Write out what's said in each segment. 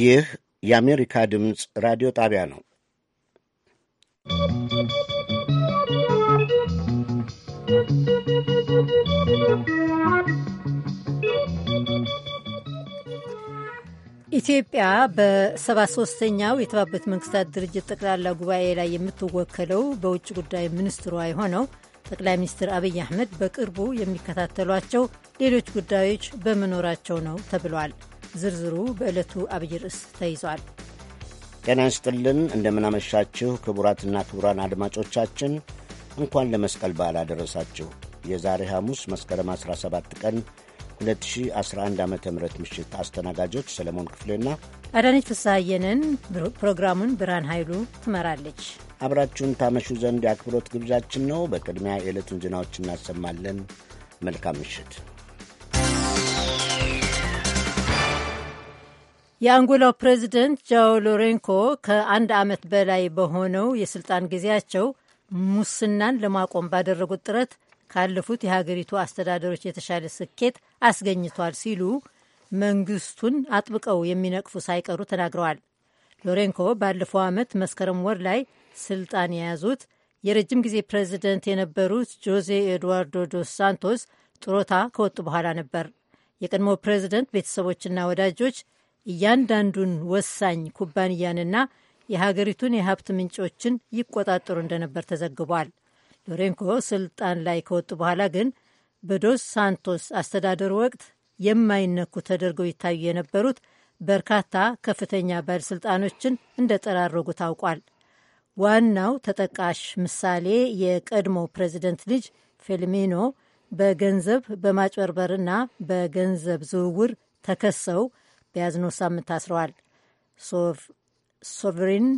ይህ የአሜሪካ ድምፅ ራዲዮ ጣቢያ ነው። ኢትዮጵያ በ73ኛው የተባበሩት መንግስታት ድርጅት ጠቅላላ ጉባኤ ላይ የምትወከለው በውጭ ጉዳይ ሚኒስትሯ የሆነው ጠቅላይ ሚኒስትር አብይ አህመድ በቅርቡ የሚከታተሏቸው ሌሎች ጉዳዮች በመኖራቸው ነው ተብሏል። ዝርዝሩ በዕለቱ አብይ ርዕስ ተይዟል። ጤና ይስጥልን፣ እንደምናመሻችሁ ክቡራትና ክቡራን አድማጮቻችን እንኳን ለመስቀል በዓል አደረሳችሁ። የዛሬ ሐሙስ መስከረም 17 ቀን 2011 ዓ ም ምሽት አስተናጋጆች ሰለሞን ክፍሌና አዳነች ፍስሐየንን። ፕሮግራሙን ብርሃን ኃይሉ ትመራለች። አብራችሁን ታመሹ ዘንድ የአክብሮት ግብዣችን ነው። በቅድሚያ የዕለቱን ዜናዎች እናሰማለን። መልካም ምሽት። የአንጎላው ፕሬዚደንት ጃው ሎሬንኮ ከአንድ ዓመት በላይ በሆነው የስልጣን ጊዜያቸው ሙስናን ለማቆም ባደረጉት ጥረት ካለፉት የሀገሪቱ አስተዳደሮች የተሻለ ስኬት አስገኝቷል ሲሉ መንግስቱን አጥብቀው የሚነቅፉ ሳይቀሩ ተናግረዋል። ሎሬንኮ ባለፈው ዓመት መስከረም ወር ላይ ስልጣን የያዙት የረጅም ጊዜ ፕሬዚደንት የነበሩት ጆዜ ኤድዋርዶ ዶስ ሳንቶስ ጡረታ ከወጡ በኋላ ነበር። የቀድሞ ፕሬዚደንት ቤተሰቦችና ወዳጆች እያንዳንዱን ወሳኝ ኩባንያንና የሀገሪቱን የሀብት ምንጮችን ይቆጣጠሩ እንደነበር ተዘግቧል። ሎሬንኮ ስልጣን ላይ ከወጡ በኋላ ግን በዶስ ሳንቶስ አስተዳደር ወቅት የማይነኩ ተደርገው ይታዩ የነበሩት በርካታ ከፍተኛ ባለሥልጣኖችን እንደ ጠራረጉ ታውቋል። ዋናው ተጠቃሽ ምሳሌ የቀድሞ ፕሬዚደንት ልጅ ፌልሚኖ በገንዘብ በማጭበርበርና በገንዘብ ዝውውር ተከሰው በያዝነው ሳምንት ታስረዋል። ሶቨሪን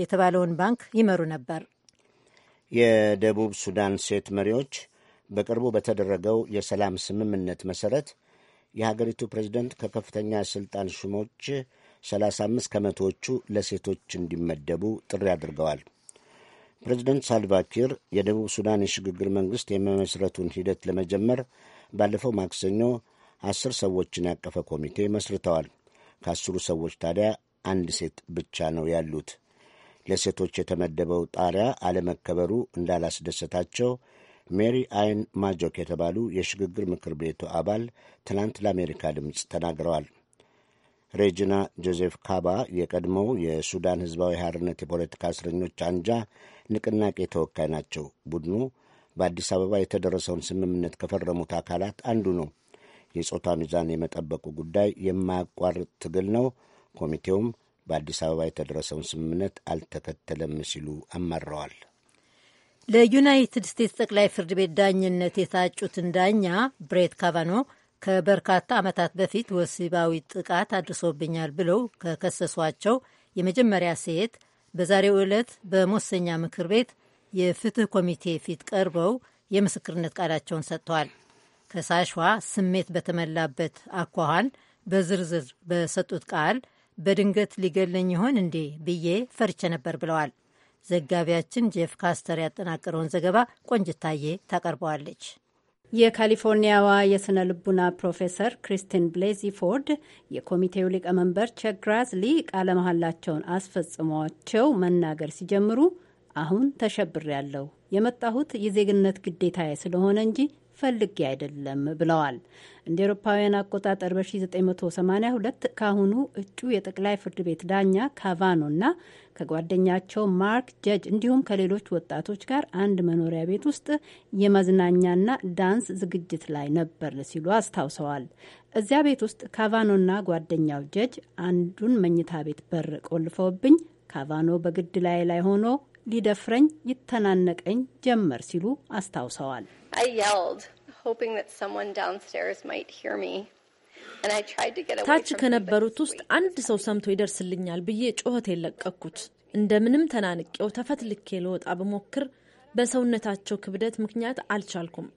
የተባለውን ባንክ ይመሩ ነበር። የደቡብ ሱዳን ሴት መሪዎች በቅርቡ በተደረገው የሰላም ስምምነት መሰረት የሀገሪቱ ፕሬዚደንት ከከፍተኛ ሥልጣን ሹሞች 35 ከመቶዎቹ ለሴቶች እንዲመደቡ ጥሪ አድርገዋል። ፕሬዚደንት ሳልቫኪር የደቡብ ሱዳን የሽግግር መንግሥት የመመስረቱን ሂደት ለመጀመር ባለፈው ማክሰኞ አስር ሰዎችን ያቀፈ ኮሚቴ መስርተዋል። ከአስሩ ሰዎች ታዲያ አንድ ሴት ብቻ ነው ያሉት። ለሴቶች የተመደበው ጣሪያ አለመከበሩ እንዳላስደሰታቸው ሜሪ አይን ማጆክ የተባሉ የሽግግር ምክር ቤቱ አባል ትናንት ለአሜሪካ ድምፅ ተናግረዋል። ሬጂና ጆዜፍ ካባ የቀድሞው የሱዳን ሕዝባዊ ሓርነት የፖለቲካ እስረኞች አንጃ ንቅናቄ ተወካይ ናቸው። ቡድኑ በአዲስ አበባ የተደረሰውን ስምምነት ከፈረሙት አካላት አንዱ ነው። የጾታ ሚዛን የመጠበቁ ጉዳይ የማያቋርጥ ትግል ነው። ኮሚቴውም በአዲስ አበባ የተደረሰውን ስምምነት አልተከተለም ሲሉ አማረዋል። ለዩናይትድ ስቴትስ ጠቅላይ ፍርድ ቤት ዳኝነት የታጩትን ዳኛ ብሬት ካቫኖ ከበርካታ ዓመታት በፊት ወሲባዊ ጥቃት አድርሶብኛል ብለው ከከሰሷቸው የመጀመሪያ ሴት በዛሬው ዕለት በመወሰኛ ምክር ቤት የፍትህ ኮሚቴ ፊት ቀርበው የምስክርነት ቃላቸውን ሰጥተዋል። ከሳሿ ስሜት በተመላበት አኳኋን በዝርዝር በሰጡት ቃል በድንገት ሊገለኝ ይሆን እንዴ ብዬ ፈርቼ ነበር ብለዋል። ዘጋቢያችን ጄፍ ካስተር ያጠናቀረውን ዘገባ ቆንጅታዬ ታቀርበዋለች። የካሊፎርኒያዋ የሥነ ልቡና ፕሮፌሰር ክሪስቲን ብሌዚ ፎርድ የኮሚቴው ሊቀመንበር ቸክ ግራዝሊ ቃለ መሐላቸውን አስፈጽሟቸው መናገር ሲጀምሩ አሁን ተሸብሬያለሁ፣ የመጣሁት የዜግነት ግዴታዬ ስለሆነ እንጂ ፈልጌ አይደለም ብለዋል። እንደ ኤሮፓውያን አቆጣጠር በ1982 ከአሁኑ እጩ የጠቅላይ ፍርድ ቤት ዳኛ ካቫኖና ከጓደኛቸው ማርክ ጀጅ እንዲሁም ከሌሎች ወጣቶች ጋር አንድ መኖሪያ ቤት ውስጥ የመዝናኛና ዳንስ ዝግጅት ላይ ነበር ሲሉ አስታውሰዋል። እዚያ ቤት ውስጥ ካቫኖና ጓደኛው ጀጅ አንዱን መኝታ ቤት በር ቆልፈውብኝ ካቫኖ በግድ ላይ ላይ ሆኖ ሊደፍረኝ ይተናነቀኝ ጀመር ሲሉ አስታውሰዋል። ታች ከነበሩት ውስጥ አንድ ሰው ሰምቶ ይደርስልኛል ብዬ ጩኸት የለቀኩት እንደምንም ተናንቄው ተፈትልኬ ልወጣ ብሞክር በሰውነታቸው ክብደት ምክንያት አልቻልኩም።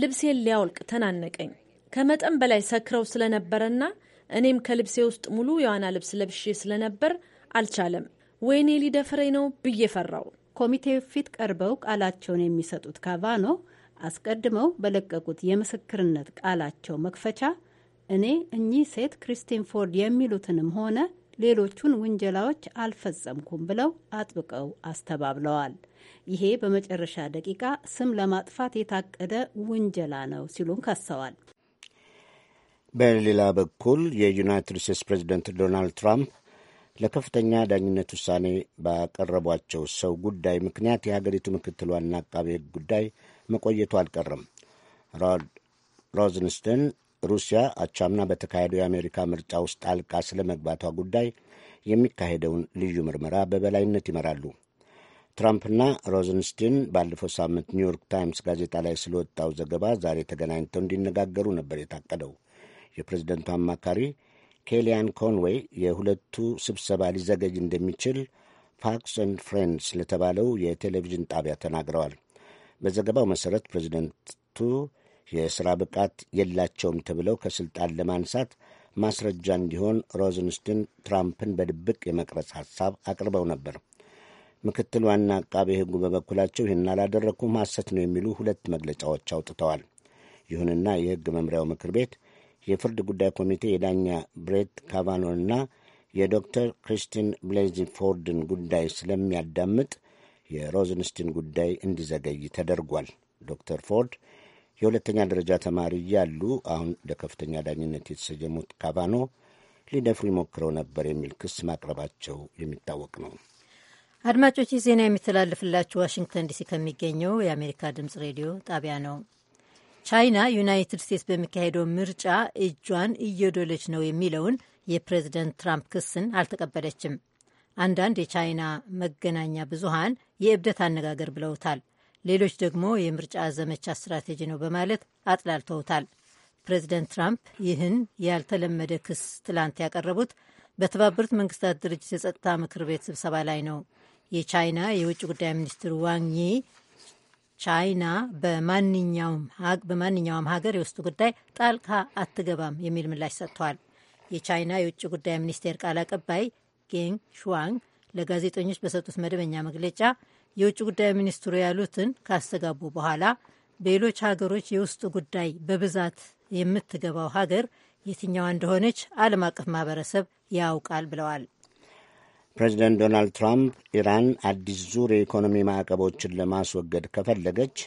ልብሴን ሊያወልቅ ተናነቀኝ። ከመጠን በላይ ሰክረው ስለነበረና እኔም ከልብሴ ውስጥ ሙሉ የዋና ልብስ ለብሼ ስለነበር አልቻለም። ወይኔ ሊደፍረኝ ነው ብዬ ፈራው። ኮሚቴው ፊት ቀርበው ቃላቸውን የሚሰጡት ካቫኖ አስቀድመው በለቀቁት የምስክርነት ቃላቸው መክፈቻ እኔ እኚህ ሴት ክሪስቲን ፎርድ የሚሉትንም ሆነ ሌሎቹን ውንጀላዎች አልፈጸምኩም ብለው አጥብቀው አስተባብለዋል። ይሄ በመጨረሻ ደቂቃ ስም ለማጥፋት የታቀደ ውንጀላ ነው ሲሉን ከሰዋል። በሌላ በኩል የዩናይትድ ስቴትስ ፕሬዚደንት ዶናልድ ትራምፕ ለከፍተኛ ዳኝነት ውሳኔ ባቀረቧቸው ሰው ጉዳይ ምክንያት የሀገሪቱ ምክትል ዋና አቃቤ ሕግ ጉዳይ መቆየቱ አልቀረም። ሮዝንስትን ሩሲያ አቻምና በተካሄደው የአሜሪካ ምርጫ ውስጥ ጣልቃ ስለ መግባቷ ጉዳይ የሚካሄደውን ልዩ ምርመራ በበላይነት ይመራሉ። ትራምፕና ሮዝንስቲን ባለፈው ሳምንት ኒውዮርክ ታይምስ ጋዜጣ ላይ ስለወጣው ዘገባ ዛሬ ተገናኝተው እንዲነጋገሩ ነበር የታቀደው። የፕሬዝደንቱ አማካሪ ኬሊያን ኮንዌይ የሁለቱ ስብሰባ ሊዘገጅ እንደሚችል ፋክስ ኤንድ ፍሬንድስ ለተባለው የቴሌቪዥን ጣቢያ ተናግረዋል። በዘገባው መሠረት ፕሬዚደንቱ የሥራ ብቃት የላቸውም ተብለው ከሥልጣን ለማንሳት ማስረጃ እንዲሆን ሮዝንስትን ትራምፕን በድብቅ የመቅረጽ ሐሳብ አቅርበው ነበር። ምክትል ዋና አቃቤ ሕጉ በበኩላቸው ይህን አላደረግኩም፣ ሐሰት ነው የሚሉ ሁለት መግለጫዎች አውጥተዋል። ይሁንና የሕግ መምሪያው ምክር ቤት የፍርድ ጉዳይ ኮሚቴ የዳኛ ብሬት ካቫኖንና የዶክተር ክሪስቲን ብሌዚ ፎርድን ጉዳይ ስለሚያዳምጥ የሮዝንስቲን ጉዳይ እንዲዘገይ ተደርጓል። ዶክተር ፎርድ የሁለተኛ ደረጃ ተማሪ እያሉ አሁን ለከፍተኛ ዳኝነት የተሰየሙት ካቫኖ ሊደፍሩ ይሞክረው ነበር የሚል ክስ ማቅረባቸው የሚታወቅ ነው። አድማጮች፣ ዜና የሚተላለፍላችሁ ዋሽንግተን ዲሲ ከሚገኘው የአሜሪካ ድምጽ ሬዲዮ ጣቢያ ነው። ቻይና ዩናይትድ ስቴትስ በሚካሄደው ምርጫ እጇን እየዶለች ነው የሚለውን የፕሬዝደንት ትራምፕ ክስን አልተቀበለችም። አንዳንድ የቻይና መገናኛ ብዙሃን የእብደት አነጋገር ብለውታል። ሌሎች ደግሞ የምርጫ ዘመቻ ስትራቴጂ ነው በማለት አጥላልተውታል። ፕሬዚደንት ትራምፕ ይህን ያልተለመደ ክስ ትላንት ያቀረቡት በተባበሩት መንግስታት ድርጅት የጸጥታ ምክር ቤት ስብሰባ ላይ ነው። የቻይና የውጭ ጉዳይ ሚኒስትር ዋንግ ዪ ቻይና በማንኛውም ሀገር የውስጥ ጉዳይ ጣልቃ አትገባም የሚል ምላሽ ሰጥተዋል። የቻይና የውጭ ጉዳይ ሚኒስቴር ቃል አቀባይ ጌንግ ሹዋንግ ለጋዜጠኞች በሰጡት መደበኛ መግለጫ የውጭ ጉዳይ ሚኒስትሩ ያሉትን ካስተጋቡ በኋላ በሌሎች ሀገሮች የውስጥ ጉዳይ በብዛት የምትገባው ሀገር የትኛዋ እንደሆነች ዓለም አቀፍ ማህበረሰብ ያውቃል ብለዋል። ፕሬዚደንት ዶናልድ ትራምፕ ኢራን አዲስ ዙር የኢኮኖሚ ማዕቀቦችን ለማስወገድ ከፈለገች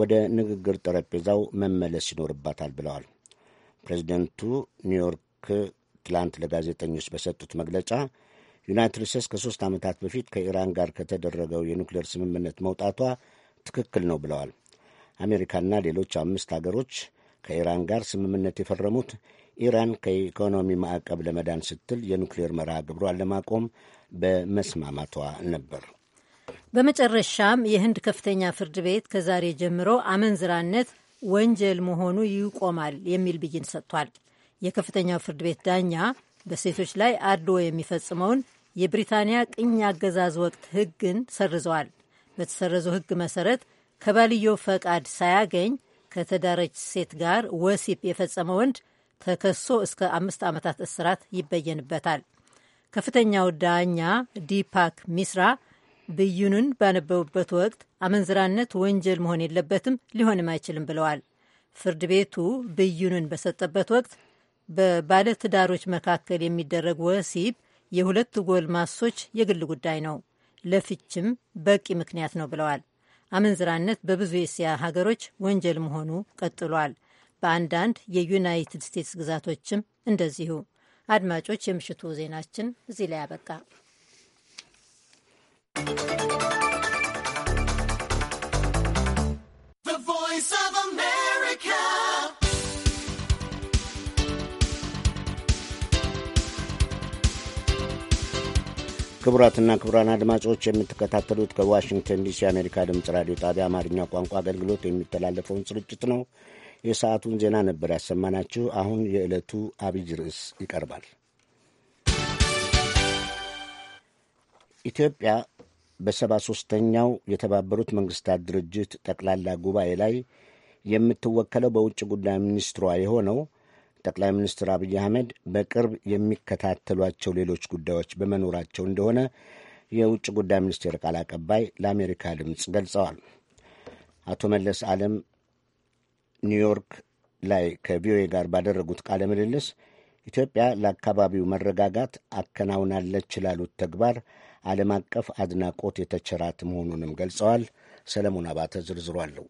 ወደ ንግግር ጠረጴዛው መመለስ ይኖርባታል ብለዋል። ፕሬዚደንቱ ኒውዮርክ ትላንት ለጋዜጠኞች በሰጡት መግለጫ ዩናይትድ ስቴትስ ከሦስት ዓመታት በፊት ከኢራን ጋር ከተደረገው የኒክሌር ስምምነት መውጣቷ ትክክል ነው ብለዋል። አሜሪካና ሌሎች አምስት አገሮች ከኢራን ጋር ስምምነት የፈረሙት ኢራን ከኢኮኖሚ ማዕቀብ ለመዳን ስትል የኑክሌር መርሃ ግብሯን ለማቆም በመስማማቷ ነበር። በመጨረሻም የህንድ ከፍተኛ ፍርድ ቤት ከዛሬ ጀምሮ አመንዝራነት ወንጀል መሆኑ ይቆማል የሚል ብይን ሰጥቷል። የከፍተኛው ፍርድ ቤት ዳኛ በሴቶች ላይ አድሎ የሚፈጽመውን የብሪታንያ ቅኝ አገዛዝ ወቅት ህግን ሰርዘዋል። በተሰረዘው ህግ መሰረት ከባልየው ፈቃድ ሳያገኝ ከተዳረች ሴት ጋር ወሲብ የፈጸመ ወንድ ተከሶ እስከ አምስት ዓመታት እስራት ይበየንበታል። ከፍተኛው ዳኛ ዲፓክ ሚስራ ብይኑን ባነበቡበት ወቅት አመንዝራነት ወንጀል መሆን የለበትም ሊሆንም አይችልም ብለዋል። ፍርድ ቤቱ ብይኑን በሰጠበት ወቅት በባለትዳሮች መካከል የሚደረግ ወሲብ የሁለት ጎልማሶች የግል ጉዳይ ነው፣ ለፍችም በቂ ምክንያት ነው ብለዋል። አመንዝራነት በብዙ የእስያ ሀገሮች ወንጀል መሆኑ ቀጥሏል። በአንዳንድ የዩናይትድ ስቴትስ ግዛቶችም እንደዚሁ። አድማጮች፣ የምሽቱ ዜናችን እዚህ ላይ አበቃ። ክቡራትና ክቡራን አድማጮች የምትከታተሉት ከዋሽንግተን ዲሲ የአሜሪካ ድምፅ ራዲዮ ጣቢያ አማርኛ ቋንቋ አገልግሎት የሚተላለፈውን ስርጭት ነው። የሰዓቱን ዜና ነበር ያሰማናችሁ። አሁን የዕለቱ አብይ ርዕስ ይቀርባል። ኢትዮጵያ በሰባ ሦስተኛው የተባበሩት መንግሥታት ድርጅት ጠቅላላ ጉባኤ ላይ የምትወከለው በውጭ ጉዳይ ሚኒስትሯ የሆነው ጠቅላይ ሚኒስትር አብይ አህመድ በቅርብ የሚከታተሏቸው ሌሎች ጉዳዮች በመኖራቸው እንደሆነ የውጭ ጉዳይ ሚኒስቴር ቃል አቀባይ ለአሜሪካ ድምፅ ገልጸዋል። አቶ መለስ ዓለም ኒውዮርክ ላይ ከቪኦኤ ጋር ባደረጉት ቃለ ምልልስ ኢትዮጵያ ለአካባቢው መረጋጋት አከናውናለች ላሉት ተግባር ዓለም አቀፍ አድናቆት የተቸራት መሆኑንም ገልጸዋል። ሰለሞን አባተ ዝርዝሩ አለው።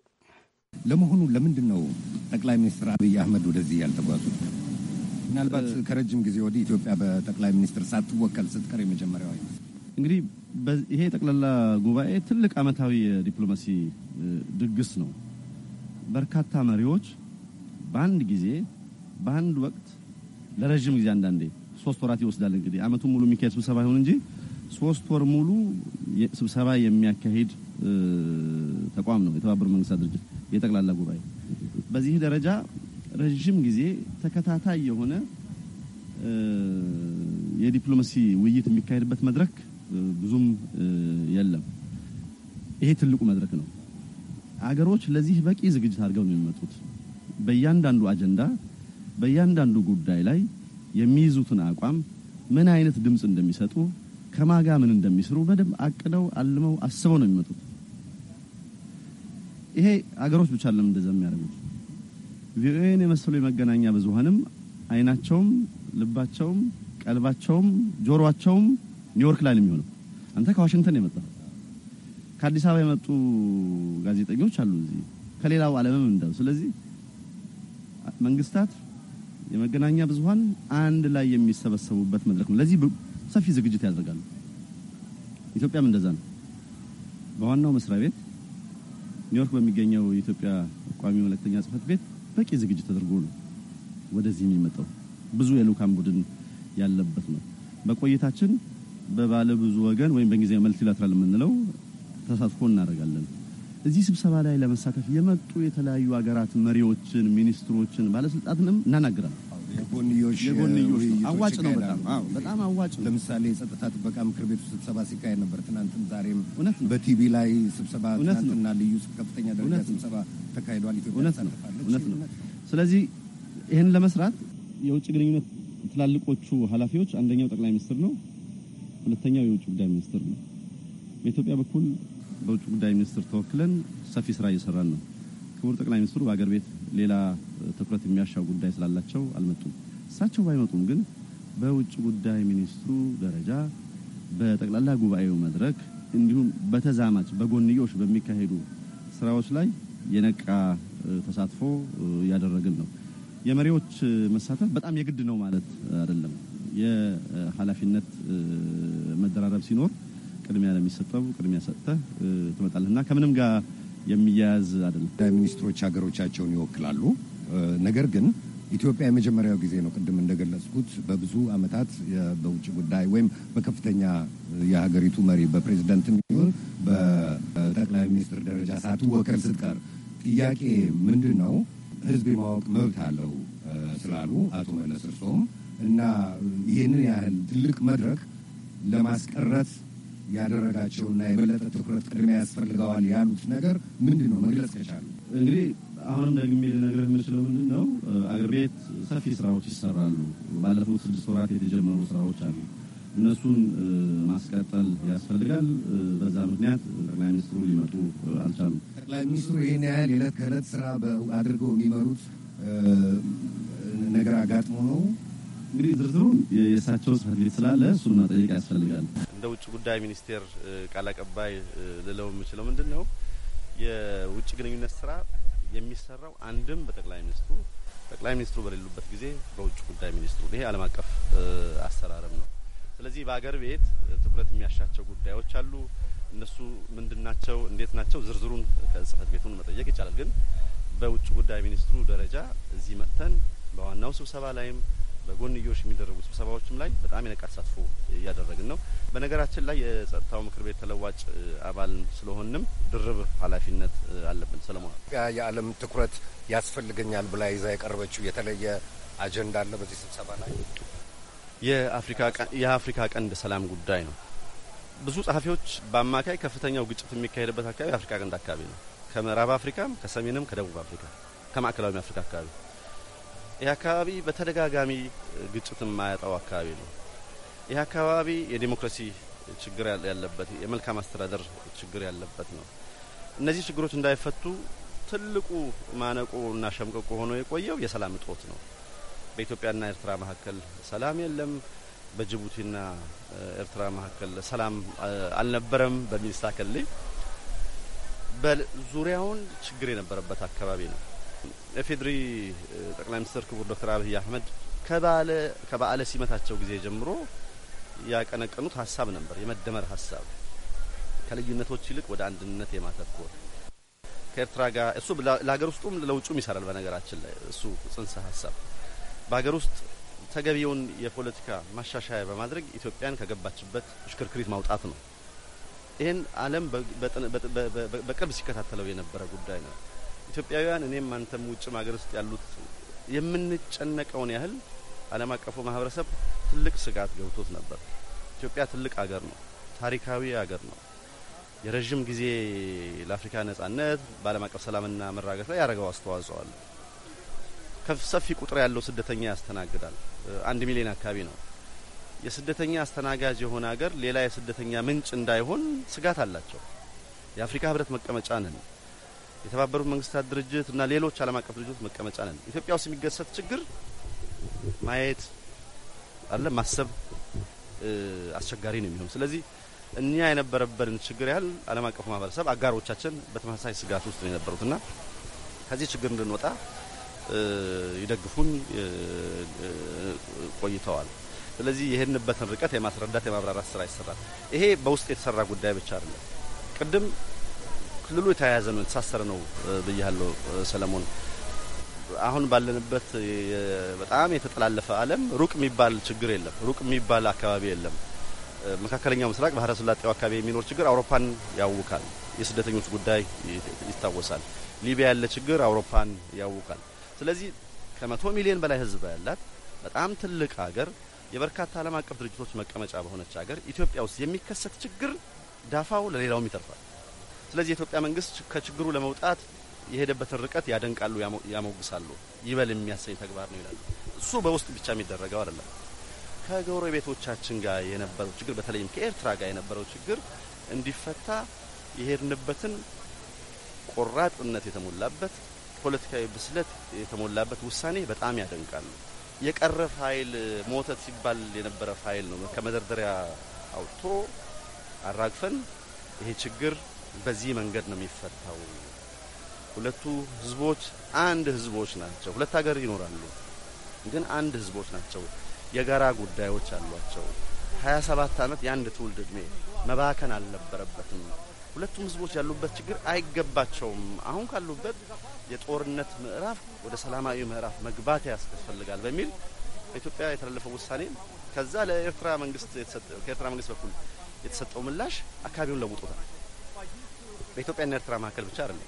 ለመሆኑ ለምንድን ነው ጠቅላይ ሚኒስትር አብይ አህመድ ወደዚህ ያልተጓዙት? ምናልባት ከረጅም ጊዜ ወዲህ ኢትዮጵያ በጠቅላይ ሚኒስትር ሳትወከል ስትቀር የመጀመሪያው አይመስል እንግዲህ ይሄ ጠቅላላ ጉባኤ ትልቅ ዓመታዊ የዲፕሎማሲ ድግስ ነው። በርካታ መሪዎች በአንድ ጊዜ በአንድ ወቅት ለረዥም ጊዜ አንዳንዴ ሶስት ወራት ይወስዳል። እንግዲህ አመቱን ሙሉ የሚካሄድ ስብሰባ ይሁን እንጂ ሶስት ወር ሙሉ ስብሰባ የሚያካሂድ ተቋም ነው የተባበሩት መንግስታት ድርጅት የጠቅላላ ጉባኤ። በዚህ ደረጃ ረዥም ጊዜ ተከታታይ የሆነ የዲፕሎማሲ ውይይት የሚካሄድበት መድረክ ብዙም የለም። ይሄ ትልቁ መድረክ ነው። አገሮች ለዚህ በቂ ዝግጅት አድርገው ነው የሚመጡት። በእያንዳንዱ አጀንዳ፣ በእያንዳንዱ ጉዳይ ላይ የሚይዙትን አቋም፣ ምን አይነት ድምፅ እንደሚሰጡ፣ ከማጋ ምን እንደሚስሩ በደንብ አቅደው አልመው አስበው ነው የሚመጡት። ይሄ አገሮች ብቻ ለም እንደዛ የሚያደርጉት ቪኦኤን የመሰሉ የመገናኛ ብዙሀንም አይናቸውም፣ ልባቸውም፣ ቀልባቸውም፣ ጆሮቸውም ኒውዮርክ ላይ ነው የሚሆነው። አንተ ከዋሽንግተን የመጣው ከአዲስ አበባ የመጡ ጋዜጠኞች አሉ እዚህ ከሌላው ዓለምም እንደው። ስለዚህ መንግስታት የመገናኛ ብዙሃን አንድ ላይ የሚሰበሰቡበት መድረክ ነው። ለዚህ ሰፊ ዝግጅት ያደርጋሉ። ኢትዮጵያም እንደዛ ነው። በዋናው መስሪያ ቤት ኒውዮርክ በሚገኘው የኢትዮጵያ ቋሚ መልእክተኛ ጽህፈት ቤት በቂ ዝግጅት ተደርጎ ነው ወደዚህ የሚመጣው። ብዙ የልኡካን ቡድን ያለበት ነው። በቆይታችን በባለ ብዙ ወገን ወይም በእንግሊዝኛ መልቲላትራል የምንለው ተሳትፎ እናደርጋለን። እዚህ ስብሰባ ላይ ለመሳተፍ የመጡ የተለያዩ ሀገራት መሪዎችን፣ ሚኒስትሮችን፣ ባለስልጣትንም እናናግራል። የጎንዮሽ አዋጭ ነው። በጣም በጣም አዋጭ ነው። ለምሳሌ የጸጥታ ጥበቃ ምክር ቤቱ ስብሰባ ሲካሄድ ነበር፣ ትናንትም ዛሬም በቲቪ ላይ ስብሰባ ትናንትና ልዩ ከፍተኛ ደረጃ ስብሰባ ተካሂዷል። እውነት ነው። ስለዚህ ይህን ለመስራት የውጭ ግንኙነት ትላልቆቹ ኃላፊዎች አንደኛው ጠቅላይ ሚኒስትር ነው፣ ሁለተኛው የውጭ ጉዳይ ሚኒስትር ነው። በኢትዮጵያ በኩል በውጭ ጉዳይ ሚኒስትር ተወክለን ሰፊ ስራ እየሰራን ነው። ክቡር ጠቅላይ ሚኒስትሩ በአገር ቤት ሌላ ትኩረት የሚያሻው ጉዳይ ስላላቸው አልመጡም። እሳቸው ባይመጡም ግን በውጭ ጉዳይ ሚኒስትሩ ደረጃ በጠቅላላ ጉባኤው መድረክ እንዲሁም በተዛማች በጎንዮሽ በሚካሄዱ ስራዎች ላይ የነቃ ተሳትፎ እያደረግን ነው። የመሪዎች መሳተፍ በጣም የግድ ነው ማለት አይደለም። የኃላፊነት መደራረብ ሲኖር ቅድሚያ ለሚሰጠው ቅድሚያ ሰጥተህ ትመጣለህ እና ከምንም ጋር የሚያያዝ አይደለም። ሚኒስትሮች ሀገሮቻቸውን ይወክላሉ። ነገር ግን ኢትዮጵያ የመጀመሪያው ጊዜ ነው ቅድም እንደገለጽኩት በብዙ ዓመታት በውጭ ጉዳይ ወይም በከፍተኛ የሀገሪቱ መሪ በፕሬዚደንት ሚሆን በጠቅላይ ሚኒስትር ደረጃ ሳትወከል ስትቀር። ጥያቄ ምንድን ነው? ህዝብ የማወቅ መብት አለው ስላሉ አቶ መለስ እርሶም እና ይህንን ያህል ትልቅ መድረክ ለማስቀረት ያደረጋቸውና የበለጠ ትኩረት ቅድሚያ ያስፈልገዋል ያሉት ነገር ምንድን ነው? መግለጽ ከቻሉ እንግዲህ አሁን ደግሜ ልነግርህ የምችለው ምንድን ነው፣ አገር ቤት ሰፊ ስራዎች ይሰራሉ። ባለፉት ስድስት ወራት የተጀመሩ ስራዎች አሉ። እነሱን ማስቀጠል ያስፈልጋል። በዛ ምክንያት ጠቅላይ ሚኒስትሩ ሊመጡ አልቻሉም። ጠቅላይ ሚኒስትሩ ይህን ያህል የዕለት ከዕለት ስራ አድርገው የሚመሩት ነገር አጋጥሞ ነው። እንግዲህ ዝርዝሩን የእሳቸው ጽሕፈት ቤት ስላለ እሱን መጠየቅ ያስፈልጋል። እንደ ውጭ ጉዳይ ሚኒስቴር ቃል አቀባይ ልለው የምችለው ምንድን ነው የውጭ ግንኙነት ስራ የሚሰራው አንድም በጠቅላይ ሚኒስትሩ ጠቅላይ ሚኒስትሩ በሌሉበት ጊዜ በውጭ ጉዳይ ሚኒስትሩ። ይሄ ዓለም አቀፍ አሰራርም ነው። ስለዚህ በሀገር ቤት ትኩረት የሚያሻቸው ጉዳዮች አሉ። እነሱ ምንድን ናቸው? እንዴት ናቸው? ዝርዝሩን ከጽህፈት ቤቱን መጠየቅ ይቻላል። ግን በውጭ ጉዳይ ሚኒስትሩ ደረጃ እዚህ መጥተን በዋናው ስብሰባ ላይም በጎንዮሽ የሚደረጉ ስብሰባዎችም ላይ በጣም የነቃ ተሳትፎ እያደረግን ነው። በነገራችን ላይ የጸጥታው ምክር ቤት ተለዋጭ አባል ስለሆንም ድርብ ኃላፊነት አለብን። ሰለሞን የዓለም ትኩረት ያስፈልገኛል ብላ ይዛ የቀረበችው የተለየ አጀንዳ አለ በዚህ ስብሰባ ላይ የአፍሪካ ቀንድ ሰላም ጉዳይ ነው። ብዙ ጸሐፊዎች በአማካይ ከፍተኛው ግጭት የሚካሄድበት አካባቢ የአፍሪካ ቀንድ አካባቢ ነው። ከምዕራብ አፍሪካም፣ ከሰሜንም፣ ከደቡብ አፍሪካ፣ ከማዕከላዊ አፍሪካ አካባቢ ይህ አካባቢ በተደጋጋሚ ግጭት የማያጣው አካባቢ ነው። ይህ አካባቢ የዲሞክራሲ ችግር ያለበት፣ የመልካም አስተዳደር ችግር ያለበት ነው። እነዚህ ችግሮች እንዳይፈቱ ትልቁ ማነቆ እና ሸምቀቆ ሆኖ የቆየው የሰላም እጦት ነው። በኢትዮጵያና ኤርትራ መካከል ሰላም የለም። በጅቡቲና ኤርትራ መካከል ሰላም አልነበረም። በሚኒስታከል በዙሪያውን ችግር የነበረበት አካባቢ ነው። የፌዴሪ ጠቅላይ ሚኒስትር ክቡር ዶክተር አብይ አህመድ ከበዓለ ሲመታቸው ጊዜ ጀምሮ ያቀነቀኑት ሀሳብ ነበር፣ የመደመር ሀሳብ ከልዩነቶች ይልቅ ወደ አንድነት የማተኮር ከኤርትራ ጋር እሱ ለሀገር ውስጡም ለውጩም ይሰራል። በነገራችን ላይ እሱ ጽንሰ ሀሳብ በሀገር ውስጥ ተገቢውን የፖለቲካ ማሻሻያ በማድረግ ኢትዮጵያን ከገባችበት ሽክርክሪት ማውጣት ነው። ይህን ዓለም በቅርብ ሲከታተለው የነበረ ጉዳይ ነው። ኢትዮጵያውያን እኔም አንተም ውጭም ሀገር ውስጥ ያሉት የምንጨነቀውን ያህል ዓለም አቀፉ ማህበረሰብ ትልቅ ስጋት ገብቶት ነበር። ኢትዮጵያ ትልቅ ሀገር ነው፣ ታሪካዊ ሀገር ነው። የረዥም ጊዜ ለአፍሪካ ነጻነት በዓለም አቀፍ ሰላምና መራገት ላይ ያደረገው አስተዋጽኦ አለ። ከሰፊ ቁጥር ያለው ስደተኛ ያስተናግዳል። አንድ ሚሊዮን አካባቢ ነው። የስደተኛ አስተናጋጅ የሆነ ሀገር ሌላ የስደተኛ ምንጭ እንዳይሆን ስጋት አላቸው። የአፍሪካ ህብረት መቀመጫ ነን። የተባበሩት መንግስታት ድርጅት እና ሌሎች ዓለም አቀፍ ድርጅቶች መቀመጫ ነን። ኢትዮጵያ ውስጥ የሚገሰት ችግር ማየት አለ ማሰብ አስቸጋሪ ነው የሚሆን። ስለዚህ እኛ የነበረበትን ችግር ያህል ዓለም አቀፉ ማህበረሰብ አጋሮቻችን በተመሳሳይ ስጋት ውስጥ ነው የነበሩትና ከዚህ ችግር እንድንወጣ ይደግፉን ቆይተዋል። ስለዚህ ይህንበትን ርቀት የማስረዳት የማብራራት ስራ ይሰራል። ይሄ በውስጥ የተሰራ ጉዳይ ብቻ አይደለም። ቅድም ክልሉ የተያያዘ ነው፣ የተሳሰረ ነው ብያለሁ ሰለሞን። አሁን ባለንበት በጣም የተጠላለፈ ዓለም ሩቅ የሚባል ችግር የለም፣ ሩቅ የሚባል አካባቢ የለም። መካከለኛው ምስራቅ ባህረ ሰላጤው አካባቢ የሚኖር ችግር አውሮፓን ያውካል። የስደተኞች ጉዳይ ይታወሳል። ሊቢያ ያለ ችግር አውሮፓን ያውቃል። ስለዚህ ከመቶ ሚሊዮን በላይ ህዝብ ያላት በጣም ትልቅ ሀገር የበርካታ ዓለም አቀፍ ድርጅቶች መቀመጫ በሆነች ሀገር ኢትዮጵያ ውስጥ የሚከሰት ችግር ዳፋው ለሌላውም ይተርፋል። ስለዚህ የኢትዮጵያ መንግስት ከችግሩ ለመውጣት የሄደበትን ርቀት ያደንቃሉ፣ ያሞግሳሉ። ይበል የሚያሰኝ ተግባር ነው ይላሉ። እሱ በውስጥ ብቻ የሚደረገው አይደለም። ከጎረቤቶቻችን ጋር የነበረው ችግር በተለይም ከኤርትራ ጋር የነበረው ችግር እንዲፈታ የሄድንበትን ቆራጥነት የተሞላበት ፖለቲካዊ ብስለት የተሞላበት ውሳኔ በጣም ያደንቃሉ። የቀረ ፋይል ሞተ ሲባል የነበረ ፋይል ነው ከመደርደሪያ አውጥቶ አራግፈን ይሄ ችግር በዚህ መንገድ ነው የሚፈታው። ሁለቱ ህዝቦች አንድ ህዝቦች ናቸው። ሁለት ሀገር ይኖራሉ፣ ግን አንድ ህዝቦች ናቸው። የጋራ ጉዳዮች አሏቸው። ሀያ ሰባት አመት የአንድ ትውልድ እድሜ መባከን አልነበረበትም። ሁለቱም ህዝቦች ያሉበት ችግር አይገባቸውም። አሁን ካሉበት የጦርነት ምዕራፍ ወደ ሰላማዊ ምዕራፍ መግባት ያስፈልጋል በሚል በኢትዮጵያ የተላለፈው ውሳኔ ከዛ ለኤርትራ መንግስት የተሰጠው ከኤርትራ መንግስት በኩል የተሰጠው ምላሽ አካባቢውን ለውጦታል። በኢትዮጵያና ኤርትራ መካከል ብቻ አይደለም።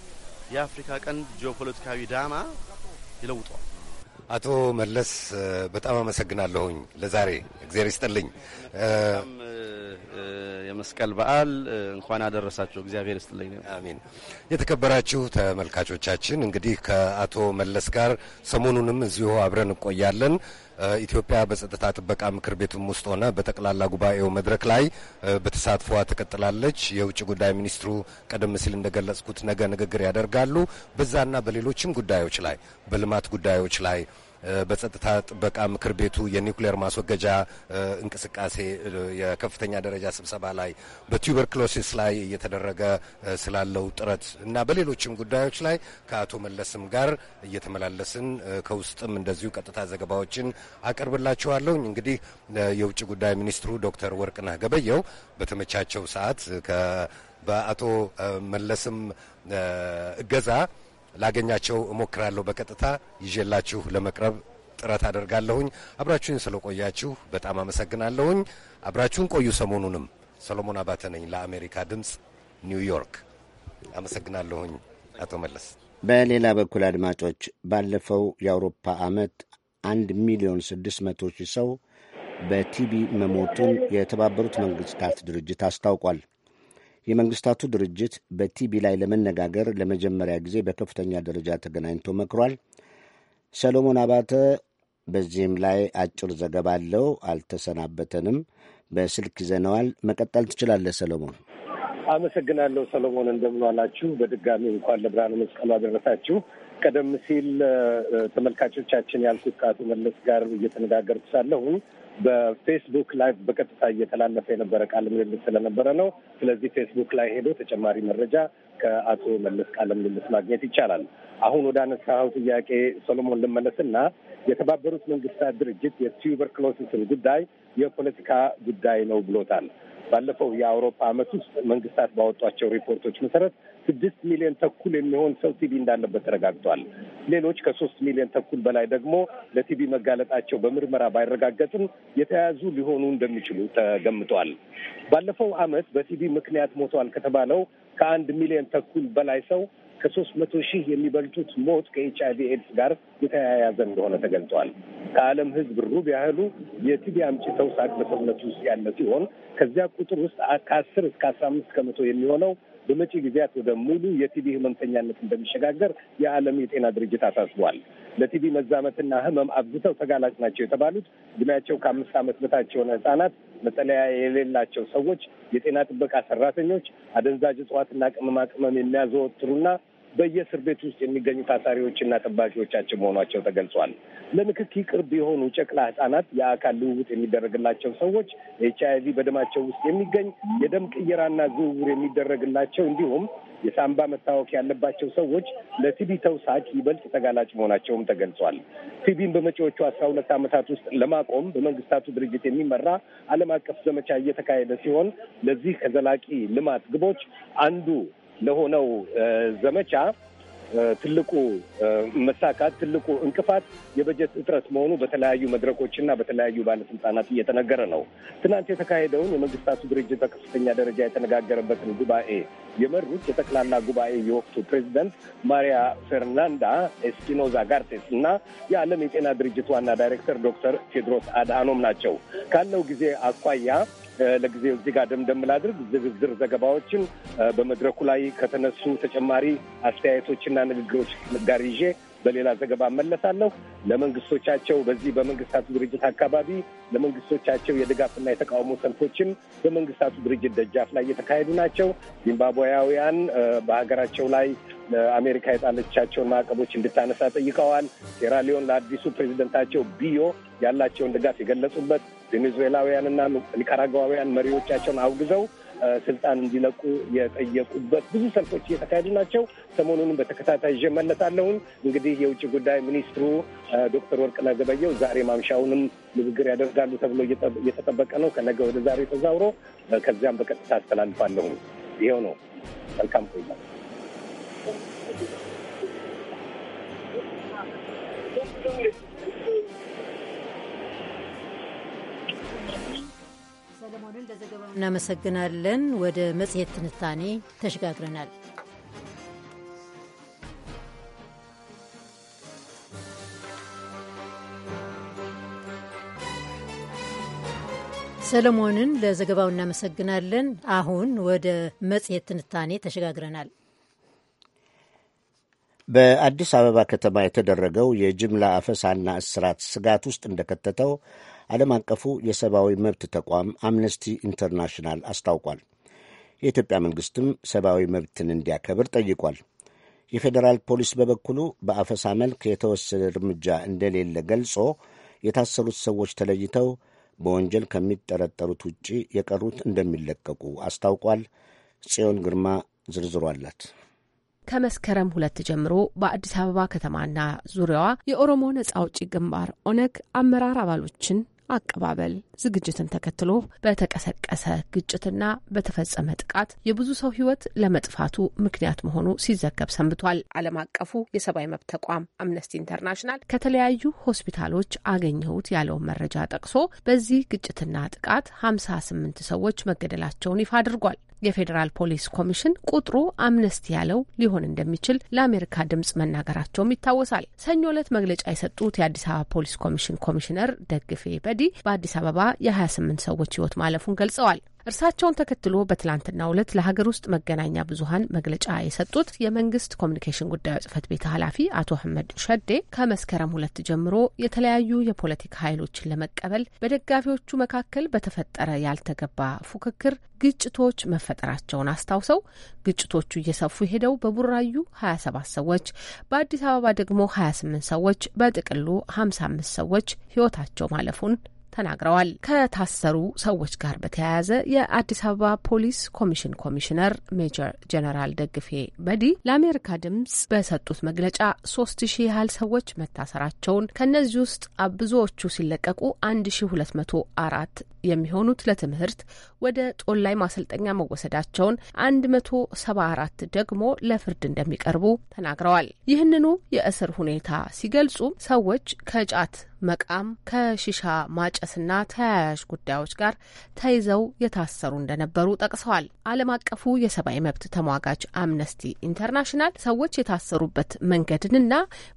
የአፍሪካ ቀንድ ጂኦፖለቲካዊ ዳማ ይለውጠዋል። አቶ መለስ በጣም አመሰግናለሁኝ። ለዛሬ እግዚአብሔር ይስጥልኝ። የመስቀል በዓል እንኳን አደረሳችሁ። እግዚአብሔር ይስጥልኝ። አሜን። የተከበራችሁ ተመልካቾቻችን እንግዲህ ከአቶ መለስ ጋር ሰሞኑንም እዚሁ አብረን እንቆያለን። ኢትዮጵያ በጸጥታ ጥበቃ ምክር ቤትም ውስጥ ሆነ በጠቅላላ ጉባኤው መድረክ ላይ በተሳትፏ ትቀጥላለች። የውጭ ጉዳይ ሚኒስትሩ ቀደም ሲል እንደገለጽኩት ነገ ንግግር ያደርጋሉ። በዛና በሌሎችም ጉዳዮች ላይ በልማት ጉዳዮች ላይ በጸጥታ ጥበቃ ምክር ቤቱ የኒውክሌር ማስወገጃ እንቅስቃሴ የከፍተኛ ደረጃ ስብሰባ ላይ በቱበርክሎሲስ ላይ እየተደረገ ስላለው ጥረት እና በሌሎችም ጉዳዮች ላይ ከአቶ መለስም ጋር እየተመላለስን ከውስጥም እንደዚሁ ቀጥታ ዘገባዎችን አቀርብላችኋለሁ። እንግዲህ የውጭ ጉዳይ ሚኒስትሩ ዶክተር ወርቅነህ ገበየው በተመቻቸው ሰዓት በአቶ መለስም እገዛ ላገኛቸው እሞክራለሁ። በቀጥታ ይዤላችሁ ለመቅረብ ጥረት አደርጋለሁኝ። አብራችሁን ስለቆያችሁ በጣም አመሰግናለሁኝ። አብራችሁን ቆዩ። ሰሞኑንም ሰሎሞን አባተ ነኝ ለአሜሪካ ድምፅ ኒውዮርክ። አመሰግናለሁኝ አቶ መለስ። በሌላ በኩል አድማጮች ባለፈው የአውሮፓ ዓመት አንድ ሚሊዮን ስድስት መቶ ሺህ ሰው በቲቢ መሞቱን የተባበሩት መንግስታት ድርጅት አስታውቋል። የመንግስታቱ ድርጅት በቲቢ ላይ ለመነጋገር ለመጀመሪያ ጊዜ በከፍተኛ ደረጃ ተገናኝቶ መክሯል። ሰሎሞን አባተ በዚህም ላይ አጭር ዘገባ አለው። አልተሰናበተንም፣ በስልክ ይዘነዋል። መቀጠል ትችላለህ ሰሎሞን። አመሰግናለሁ ሰሎሞን። እንደምን ዋላችሁ? በድጋሚ እንኳን ለብርሃነ መስቀሉ አደረሳችሁ። ቀደም ሲል ተመልካቾቻችን ያልኩት ከአቶ መለስ ጋር እየተነጋገርኩ ሳለሁኝ በፌስቡክ ላይቭ በቀጥታ እየተላለፈ የነበረ ቃለ ምልልስ ስለነበረ ነው። ስለዚህ ፌስቡክ ላይ ሄዶ ተጨማሪ መረጃ ከአቶ መለስ ቃለ ምልልስ ማግኘት ይቻላል። አሁን ወደ አነሳኸው ጥያቄ ሰሎሞን ልመለስና የተባበሩት መንግስታት ድርጅት የቱበርክሎሲስን ጉዳይ የፖለቲካ ጉዳይ ነው ብሎታል። ባለፈው የአውሮፓ አመት ውስጥ መንግስታት ባወጧቸው ሪፖርቶች መሰረት ስድስት ሚሊዮን ተኩል የሚሆን ሰው ቲቢ እንዳለበት ተረጋግጧል። ሌሎች ከሶስት ሚሊዮን ተኩል በላይ ደግሞ ለቲቢ መጋለጣቸው በምርመራ ባይረጋገጥም የተያዙ ሊሆኑ እንደሚችሉ ተገምጧል። ባለፈው አመት በቲቢ ምክንያት ሞቷል ከተባለው ከአንድ ሚሊዮን ተኩል በላይ ሰው ከሶስት መቶ ሺህ የሚበልጡት ሞት ከኤች አይቪ ኤድስ ጋር የተያያዘ እንደሆነ ተገልጧል። ከዓለም ሕዝብ ሩብ ያህሉ የቲቢ አምጪ ተውሳክ በሰውነት ውስጥ ያለ ሲሆን ከዚያ ቁጥር ውስጥ ከአስር እስከ አስራ አምስት ከመቶ የሚሆነው በመጪ ጊዜያት ወደ ሙሉ የቲቢ ህመምተኛነት እንደሚሸጋገር የዓለም የጤና ድርጅት አሳስቧል። ለቲቢ መዛመትና ህመም አብዝተው ተጋላጭ ናቸው የተባሉት እድሜያቸው ከአምስት ዓመት በታች የሆነ ህጻናት፣ መጠለያ የሌላቸው ሰዎች፣ የጤና ጥበቃ ሰራተኞች፣ አደንዛዥ እጽዋትና ቅመማ ቅመም የሚያዘወትሩና በየእስር ቤት ውስጥ የሚገኙ ታሳሪዎችና ጠባቂዎቻቸው መሆናቸው ተገልጿል። ለንክኪ ቅርብ የሆኑ ጨቅላ ህጻናት፣ የአካል ልውውጥ የሚደረግላቸው ሰዎች፣ ኤች አይቪ በደማቸው ውስጥ የሚገኝ የደም ቅየራና ዝውውር የሚደረግላቸው እንዲሁም የሳምባ መታወክ ያለባቸው ሰዎች ለቲቢ ተውሳክ ይበልጥ ተጋላጭ መሆናቸውም ተገልጿል። ቲቢን በመጪዎቹ አስራ ሁለት ዓመታት ውስጥ ለማቆም በመንግስታቱ ድርጅት የሚመራ ዓለም አቀፍ ዘመቻ እየተካሄደ ሲሆን ለዚህ ከዘላቂ ልማት ግቦች አንዱ ለሆነው ዘመቻ ትልቁ መሳካት ትልቁ እንቅፋት የበጀት እጥረት መሆኑ በተለያዩ መድረኮችና በተለያዩ ባለስልጣናት እየተነገረ ነው። ትናንት የተካሄደውን የመንግስታቱ ድርጅት በከፍተኛ ደረጃ የተነጋገረበትን ጉባኤ የመሩት የጠቅላላ ጉባኤ የወቅቱ ፕሬዚደንት ማሪያ ፌርናንዳ ኤስፒኖዛ ጋርቴስ እና የዓለም የጤና ድርጅት ዋና ዳይሬክተር ዶክተር ቴድሮስ አድሃኖም ናቸው። ካለው ጊዜ አኳያ ለጊዜው እዚህ ጋር ደምደም ላድርግ። ዝርዝር ዘገባዎችን በመድረኩ ላይ ከተነሱ ተጨማሪ አስተያየቶችና ንግግሮች ጋር ይዤ በሌላ ዘገባ እመለሳለሁ። ለመንግስቶቻቸው በዚህ በመንግስታቱ ድርጅት አካባቢ ለመንግስቶቻቸው የድጋፍና የተቃውሞ ሰልፎችም በመንግስታቱ ድርጅት ደጃፍ ላይ እየተካሄዱ ናቸው። ዚምባብዌያውያን በሀገራቸው ላይ አሜሪካ የጣለቻቸውን ማዕቀቦች እንድታነሳ ጠይቀዋል። ሴራሊዮን ለአዲሱ ፕሬዚደንታቸው ቢዮ ያላቸውን ድጋፍ የገለጹበት ቬኔዙዌላውያንና ኒካራጓውያን መሪዎቻቸውን አውግዘው ስልጣን እንዲለቁ የጠየቁበት ብዙ ሰልፎች እየተካሄዱ ናቸው። ሰሞኑንም በተከታታይ ይዤ እመለሳለሁን። እንግዲህ የውጭ ጉዳይ ሚኒስትሩ ዶክተር ወርቅነህ ገበየሁ ዛሬ ማምሻውንም ንግግር ያደርጋሉ ተብሎ እየተጠበቀ ነው። ከነገ ወደ ዛሬ ተዛውሮ ከዚያም በቀጥታ አስተላልፋለሁ። ይኸው ነው። መልካም ቆይታ። Thank you. እናመሰግናለን። ወደ መጽሔት ትንታኔ ተሸጋግረናል። ሰለሞንን ለዘገባው እናመሰግናለን። አሁን ወደ መጽሔት ትንታኔ ተሸጋግረናል። በአዲስ አበባ ከተማ የተደረገው የጅምላ አፈሳና እስራት ስጋት ውስጥ እንደከተተው ዓለም አቀፉ የሰብአዊ መብት ተቋም አምነስቲ ኢንተርናሽናል አስታውቋል። የኢትዮጵያ መንግሥትም ሰብአዊ መብትን እንዲያከብር ጠይቋል። የፌዴራል ፖሊስ በበኩሉ በአፈሳ መልክ የተወሰደ እርምጃ እንደሌለ ገልጾ የታሰሩት ሰዎች ተለይተው በወንጀል ከሚጠረጠሩት ውጪ የቀሩት እንደሚለቀቁ አስታውቋል። ጽዮን ግርማ ዝርዝሩ አላት። ከመስከረም ሁለት ጀምሮ በአዲስ አበባ ከተማና ዙሪያዋ የኦሮሞ ነጻ አውጪ ግንባር ኦነግ አመራር አባሎችን አቀባበል ዝግጅትን ተከትሎ በተቀሰቀሰ ግጭትና በተፈጸመ ጥቃት የብዙ ሰው ሕይወት ለመጥፋቱ ምክንያት መሆኑ ሲዘገብ ሰንብቷል። ዓለም አቀፉ የሰብአዊ መብት ተቋም አምነስቲ ኢንተርናሽናል ከተለያዩ ሆስፒታሎች አገኘሁት ያለውን መረጃ ጠቅሶ በዚህ ግጭትና ጥቃት 58 ሰዎች መገደላቸውን ይፋ አድርጓል። የፌዴራል ፖሊስ ኮሚሽን ቁጥሩ አምነስቲ ያለው ሊሆን እንደሚችል ለአሜሪካ ድምጽ መናገራቸውም ይታወሳል። ሰኞ ዕለት መግለጫ የሰጡት የአዲስ አበባ ፖሊስ ኮሚሽን ኮሚሽነር ደግፌ በዲ በአዲስ አበባ የ28 ሰዎች ህይወት ማለፉን ገልጸዋል። እርሳቸውን ተከትሎ በትላንትናው ዕለት ለሀገር ውስጥ መገናኛ ብዙኃን መግለጫ የሰጡት የመንግስት ኮሚኒኬሽን ጉዳዮች ጽህፈት ቤት ኃላፊ አቶ አህመድ ሸዴ ከመስከረም ሁለት ጀምሮ የተለያዩ የፖለቲካ ኃይሎችን ለመቀበል በደጋፊዎቹ መካከል በተፈጠረ ያልተገባ ፉክክር ግጭቶች መፈጠራቸውን አስታውሰው ግጭቶቹ እየሰፉ ሄደው በቡራዩ 27 ሰዎች፣ በአዲስ አበባ ደግሞ 28 ሰዎች፣ በጥቅሉ 55 ሰዎች ህይወታቸው ማለፉን ተናግረዋል። ከታሰሩ ሰዎች ጋር በተያያዘ የአዲስ አበባ ፖሊስ ኮሚሽን ኮሚሽነር ሜጀር ጀነራል ደግፌ በዲ ለአሜሪካ ድምጽ በሰጡት መግለጫ ሶስት ሺህ ያህል ሰዎች መታሰራቸውን ከእነዚህ ውስጥ ብዙዎቹ ሲለቀቁ አንድ ሺ ሁለት መቶ አራት የሚሆኑት ለትምህርት ወደ ጦላይ ማሰልጠኛ መወሰዳቸውን 174 ደግሞ ለፍርድ እንደሚቀርቡ ተናግረዋል። ይህንኑ የእስር ሁኔታ ሲገልጹ ሰዎች ከጫት መቃም ከሺሻ ማጨስና ተያያዥ ጉዳዮች ጋር ተይዘው የታሰሩ እንደነበሩ ጠቅሰዋል። ዓለም አቀፉ የሰብአዊ መብት ተሟጋች አምነስቲ ኢንተርናሽናል ሰዎች የታሰሩበት መንገድንና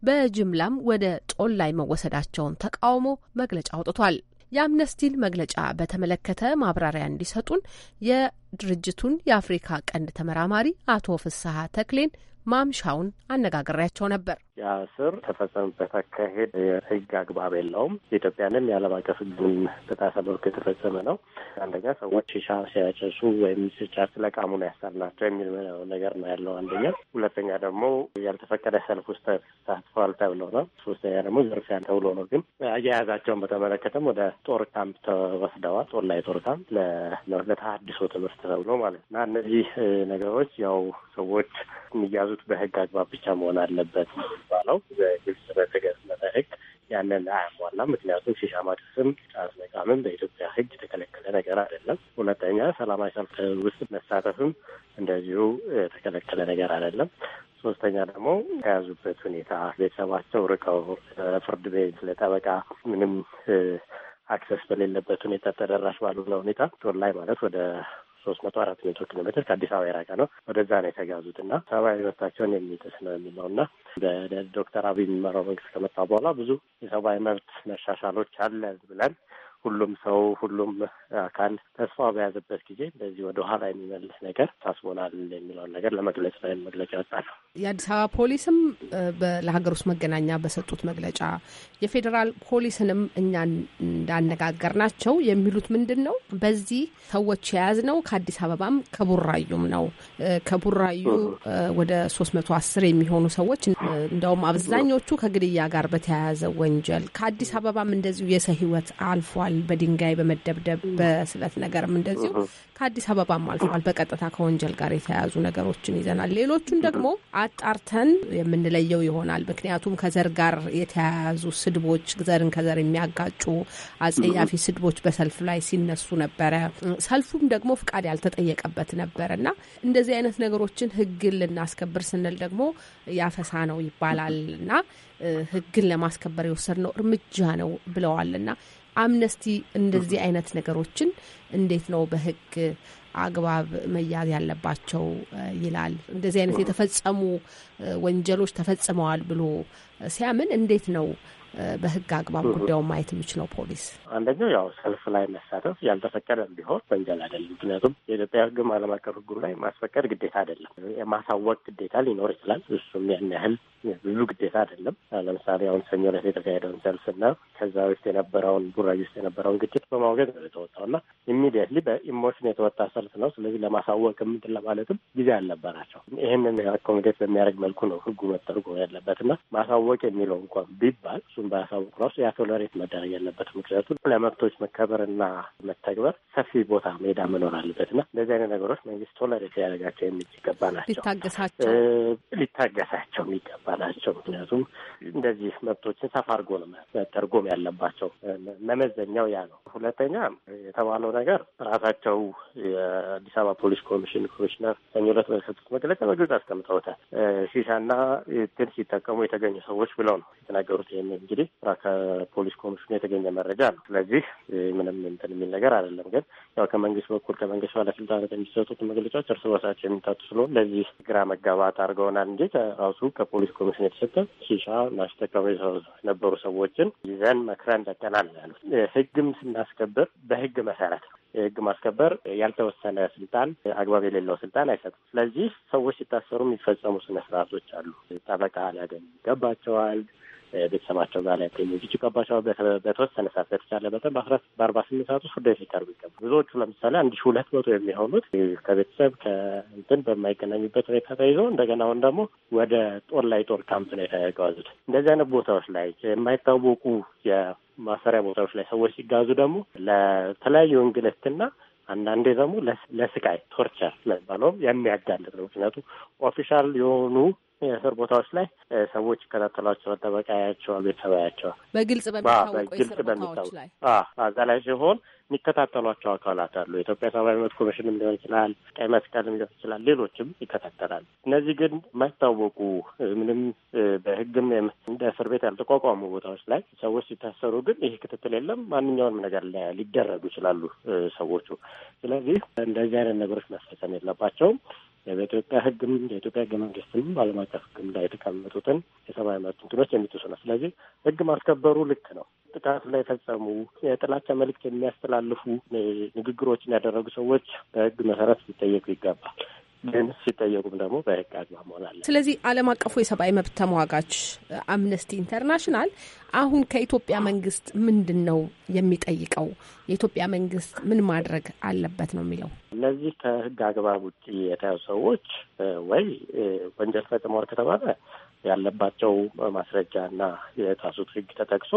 በጅምላም ወደ ጦላይ መወሰዳቸውን ተቃውሞ መግለጫ አውጥቷል። የአምነስቲን መግለጫ በተመለከተ ማብራሪያ እንዲሰጡን የድርጅቱን የአፍሪካ ቀንድ ተመራማሪ አቶ ፍስሐ ተክሌን ማምሻውን አነጋግሬያቸው ነበር። ያ ስር ተፈጸመበት አካሄድ የህግ አግባብ የለውም። ኢትዮጵያንም የዓለም አቀፍ ህግን በጣሰ መልኩ የተፈጸመ ነው። አንደኛ ሰዎች ሻ ሲያጨሱ ወይም ሲጫት ለቃሙን ያሳል ናቸው የሚል ነገር ነው ያለው አንደኛ። ሁለተኛ ደግሞ ያልተፈቀደ ሰልፍ ውስጥ ተሳትፏል ተብሎ ነው። ሶስተኛ ደግሞ ዝርፊያ ተብሎ ነው። ግን አያያዛቸውን በተመለከተም ወደ ጦር ካምፕ ተወስደዋል። ጦር ላይ ጦር ካምፕ ለተሀድሶ ትምህርት ተብሎ ማለት እና እነዚህ ነገሮች ያው ሰዎች የሚያዙት በህግ አግባብ ብቻ መሆን አለበት። የሚባለው በግልጽ በተገለጸ ሕግ ያንን አያሟላም። ምክንያቱም ሺሻ ማጨስም ጫት መቃምም በኢትዮጵያ ህግ የተከለከለ ነገር አይደለም። ሁለተኛ ሰላማዊ ሰልፍ ውስጥ መሳተፍም እንደዚሁ የተከለከለ ነገር አይደለም። ሶስተኛ ደግሞ ከያዙበት ሁኔታ ቤተሰባቸው ርቀው ፍርድ ቤት ለጠበቃ ምንም አክሰስ በሌለበት ሁኔታ ተደራሽ ባልሆነ ሁኔታ ቶን ላይ ማለት ወደ ሶስት መቶ አራት መቶ ኪሎ ሜትር ከአዲስ አበባ የራቀ ነው። ወደዛ ነው የተጋዙት እና ሰብአዊ መብታቸውን የሚጥስ ነው የሚለው እና በዶክተር አብይ የሚመራው መንግስት ከመጣ በኋላ ብዙ የሰብአዊ መብት መሻሻሎች አለ ብለን ሁሉም ሰው ሁሉም አካል ተስፋ በያዘበት ጊዜ እንደዚህ ወደ ኋላ የሚመልስ ነገር ታስቦናል የሚለውን ነገር ለመግለጽ ነው መግለጫ ያወጣ ነው። የአዲስ አበባ ፖሊስም ለሀገር ውስጥ መገናኛ በሰጡት መግለጫ የፌዴራል ፖሊስንም እኛ እንዳነጋገር ናቸው የሚሉት ምንድን ነው በዚህ ሰዎች የያዝ ነው ከአዲስ አበባም ከቡራዩም ነው ከቡራዩ ወደ ሶስት መቶ አስር የሚሆኑ ሰዎች እንደውም አብዛኞቹ ከግድያ ጋር በተያያዘ ወንጀል ከአዲስ አበባም እንደዚሁ የሰው ህይወት አልፏል ይታወቃል። በድንጋይ በመደብደብ በስለት ነገርም እንደዚሁ ከአዲስ አበባም አልፏል። በቀጥታ ከወንጀል ጋር የተያያዙ ነገሮችን ይዘናል። ሌሎቹን ደግሞ አጣርተን የምንለየው ይሆናል። ምክንያቱም ከዘር ጋር የተያያዙ ስድቦች፣ ዘርን ከዘር የሚያጋጩ አጸያፊ ስድቦች በሰልፍ ላይ ሲነሱ ነበረ። ሰልፉም ደግሞ ፍቃድ ያልተጠየቀበት ነበር እና እንደዚህ አይነት ነገሮችን ህግን ልናስከብር ስንል ደግሞ ያፈሳ ነው ይባላል እና ህግን ለማስከበር የወሰድነው እርምጃ ነው ብለዋል እና አምነስቲ እንደዚህ አይነት ነገሮችን እንዴት ነው በህግ አግባብ መያዝ ያለባቸው ይላል። እንደዚህ አይነት የተፈጸሙ ወንጀሎች ተፈጽመዋል ብሎ ሲያምን እንዴት ነው በህግ አግባብ ጉዳዩን ማየት የሚችለው ፖሊስ? አንደኛው ያው ሰልፍ ላይ መሳተፍ ያልተፈቀደ ቢሆን ወንጀል አይደለም። ምክንያቱም የኢትዮጵያ ህግም ዓለም አቀፍ ህጉም ላይ ማስፈቀድ ግዴታ አይደለም። የማሳወቅ ግዴታ ሊኖር ይችላል። እሱም ያን ያህል ብዙ ግዴታ አይደለም። ለምሳሌ አሁን ሰኞ ዕለት የተካሄደውን ሰልፍና ከዛ ውስጥ የነበረውን ቡራጅ ውስጥ የነበረውን ግጭት በማውገዝ ነው የተወጣው እና ኢሚዲየትሊ በኢሞሽን የተወጣ ሰልፍ ነው። ስለዚህ ለማሳወቅ እንትን ለማለትም ጊዜ አልነበራቸው። ይህንን አኮሚዴት በሚያደርግ መልኩ ነው ህጉ መተርጎም ያለበት እና ማሳወቅ የሚለው እንኳን ቢባል እሱ እሱን ባያሳውቅ ራሱ ያ ቶለሬት መደረግ ያለበት ምክንያቱም ለመብቶች መከበርና መተግበር ሰፊ ቦታ ሜዳ መኖር አለበት እና እንደዚህ አይነት ነገሮች መንግስት ቶለሬት ሊያደርጋቸው የሚገባ ናቸው። ሊታገሳቸው ሊታገሳቸው የሚገባ ናቸው። ምክንያቱም እንደዚህ መብቶችን ሰፋ አድርጎ ነው መተርጎም ያለባቸው። መመዘኛው ያ ነው። ሁለተኛ የተባለው ነገር ራሳቸው የአዲስ አበባ ፖሊስ ኮሚሽን ኮሚሽነር ሰኞ ዕለት በሰጡት መግለጫ በግልጽ አስቀምጠውታል። ሺሻና ትን ሲጠቀሙ የተገኙ ሰዎች ብለው ነው የተናገሩት ይህንን እንግዲህ ከፖሊስ ኮሚሽኑ የተገኘ መረጃ ነው። ስለዚህ ምንም እንትን የሚል ነገር አይደለም። ግን ያው ከመንግስት በኩል ከመንግስት ባለስልጣናት የሚሰጡት መግለጫዎች እርስ በርሳቸው የሚታጡ ስለሆን ለዚህ ግራ መጋባት አድርገውናል እንጂ ራሱ ከፖሊስ ኮሚሽን የተሰጠ ሺሻ ማስጠቀሙ የነበሩ ሰዎችን ይዘን መክረን ለቀናል ያሉት ህግም ስናስከብር በህግ መሰረት ነው። የህግ ማስከበር ያልተወሰነ ስልጣን፣ አግባብ የሌለው ስልጣን አይሰጥም። ስለዚህ ሰዎች ሲታሰሩ የሚፈጸሙ ስነ ስርዓቶች አሉ። ጠበቃ ሊያገኙ ይገባቸዋል። ቤተሰባቸው ጋር ላይ ያገኙ እጅ ቀባቸው በተወሰነ ሰዓት በተቻለ መጠን በአስራ በአርባ ስምንት ሰዓት ውስጥ ፍርድ ቤት ሊቀርቡ ይገባል። ብዙዎቹ ለምሳሌ አንድ ሺ ሁለት መቶ የሚሆኑት ከቤተሰብ ከእንትን በማይገናኙበት ሁኔታ ተይዞ እንደገና አሁን ደግሞ ወደ ጦር ላይ ጦር ካምፕ ነው የተጓዙት። እንደዚህ አይነት ቦታዎች ላይ የማይታወቁ የማሰሪያ ቦታዎች ላይ ሰዎች ሲጋዙ ደግሞ ለተለያዩ እንግልትና አንዳንዴ ደግሞ ለስቃይ ቶርቸር ለሚባለውም የሚያጋልጥ ነው። ምክንያቱም ኦፊሻል የሆኑ የእስር ቦታዎች ላይ ሰዎች ይከታተሏቸዋል፣ ጠበቃ ያያቸዋል፣ በግልጽ በሚታወቁ ላይ እዛ ላይ ሲሆን የሚከታተሏቸው አካላት አሉ። የኢትዮጵያ ሰብአዊ መብት ኮሚሽንም ሊሆን ይችላል፣ ቀይ መስቀልም ሊሆን ይችላል፣ ሌሎችም ይከታተላሉ። እነዚህ ግን የማይታወቁ ምንም በህግም እንደ እስር ቤት ያልተቋቋሙ ቦታዎች ላይ ሰዎች ሲታሰሩ ግን ይህ ክትትል የለም። ማንኛውንም ነገር ሊደረጉ ይችላሉ ሰዎቹ። ስለዚህ እንደዚህ አይነት ነገሮች መፈጸም የለባቸውም። በኢትዮጵያ ህግም የኢትዮጵያ ህገ መንግስትም በዓለም አቀፍ ህግም ላይ የተቀመጡትን የሰብአዊ መብት እንትኖች የሚጥሱ ነው። ስለዚህ ህግ ማስከበሩ ልክ ነው። ጥቃት ላይ የፈጸሙ የጥላቻ መልእክት የሚያስተላልፉ ንግግሮችን ያደረጉ ሰዎች በህግ መሰረት ሊጠየቁ ይገባል። ግን ሲጠየቁም ደግሞ በህግ አግባብ መሆን አለ። ስለዚህ ዓለም አቀፉ የሰብአዊ መብት ተሟጋች አምነስቲ ኢንተርናሽናል አሁን ከኢትዮጵያ መንግስት ምንድን ነው የሚጠይቀው? የኢትዮጵያ መንግስት ምን ማድረግ አለበት ነው የሚለው። እነዚህ ከህግ አግባብ ውጭ የተያዙ ሰዎች ወይ ወንጀል ፈጽመዋል ከተባለ ያለባቸው ማስረጃና የጣሱት ህግ ተጠቅሶ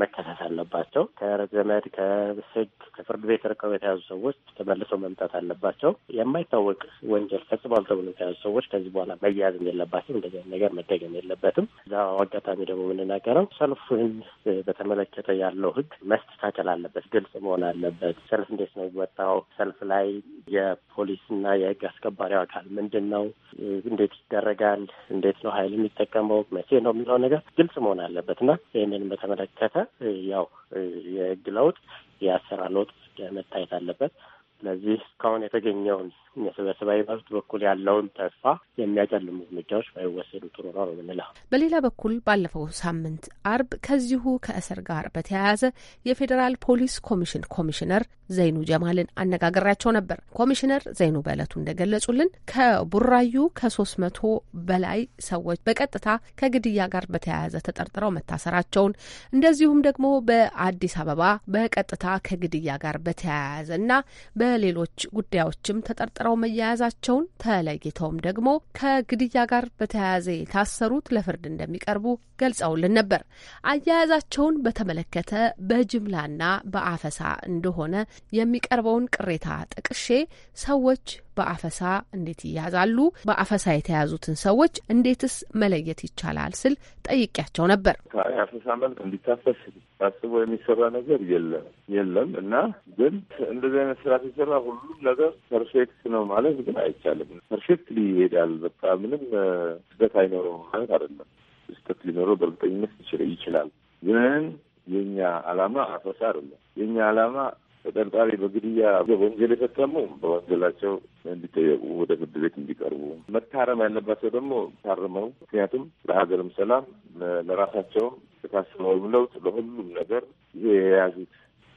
መከሰስ አለባቸው። ከዘመድ ከህግ ከፍርድ ቤት ርቀው የተያዙ ሰዎች ተመልሰው መምጣት አለባቸው። የማይታወቅ ወንጀል ፈጽሟል ተብሎ የተያዙ ሰዎች ከዚህ በኋላ መያያዝም የለባቸው። እንደዚህ ነገር መደገም የለበትም። እዛ አጋጣሚ ደግሞ የምንናገረው ሰልፍን በተመለከተ ያለው ህግ መስተካከል አለበት፣ ግልጽ መሆን አለበት። ሰልፍ እንዴት ነው የሚወጣው? ሰልፍ ላይ የፖሊስና የህግ አስከባሪው አካል ምንድን ነው? እንዴት ይደረጋል? እንዴት ነው ኃይል የሚጠቀ የሚጠቀመው መቼ ነው የሚለው ነገር ግልጽ መሆን አለበት እና ይህንን በተመለከተ ያው የህግ ለውጥ የአሰራር ለውጥ መታየት አለበት። ስለዚህ እስካሁን የተገኘውን የሰብአዊ መብት በኩል ያለውን ተስፋ የሚያጨልሙ እርምጃዎች ባይወሰዱ ጥሩ ነው ነው የምንለው። በሌላ በኩል ባለፈው ሳምንት አርብ ከዚሁ ከእስር ጋር በተያያዘ የፌዴራል ፖሊስ ኮሚሽን ኮሚሽነር ዘይኑ ጀማልን አነጋግሬያቸው ነበር። ኮሚሽነር ዘይኑ በእለቱ እንደገለጹልን ከቡራዩ ከሶስት መቶ በላይ ሰዎች በቀጥታ ከግድያ ጋር በተያያዘ ተጠርጥረው መታሰራቸውን እንደዚሁም ደግሞ በአዲስ አበባ በቀጥታ ከግድያ ጋር በተያያዘ እና በ በሌሎች ጉዳዮችም ተጠርጥረው መያያዛቸውን ተለይተውም ደግሞ ከግድያ ጋር በተያያዘ የታሰሩት ለፍርድ እንደሚቀርቡ ገልጸውልን ነበር። አያያዛቸውን በተመለከተ በጅምላና በአፈሳ እንደሆነ የሚቀርበውን ቅሬታ ጠቅሼ ሰዎች በአፈሳ እንዴት ይያዛሉ? በአፈሳ የተያዙትን ሰዎች እንዴትስ መለየት ይቻላል? ስል ጠይቂያቸው ነበር። የአፈሳ መልክ እንዲታፈስ አስቦ የሚሰራ ነገር የለም የለም እና ግን እንደዚህ አይነት ስራ ሲሰራ ሁሉም ነገር ፐርፌክት ነው ማለት ግን አይቻልም። ፐርፌክት ይሄዳል። በቃ ምንም ስህተት አይኖረውም ማለት አይደለም። ስህተት ሊኖረው በእርግጠኝነት ይችላል። ግን የእኛ አላማ አፈሳ አይደለም። የእኛ አላማ ተጠርጣሪ በግድያ በወንጀል የፈጸሙ በወንጀላቸው እንዲጠየቁ ወደ ፍርድ ቤት እንዲቀርቡ መታረም ያለባቸው ደግሞ ታርመው፣ ምክንያቱም ለሀገርም ሰላም ለራሳቸውም የታስበውም ለውጥ ለሁሉም ነገር ይሄ የያዙት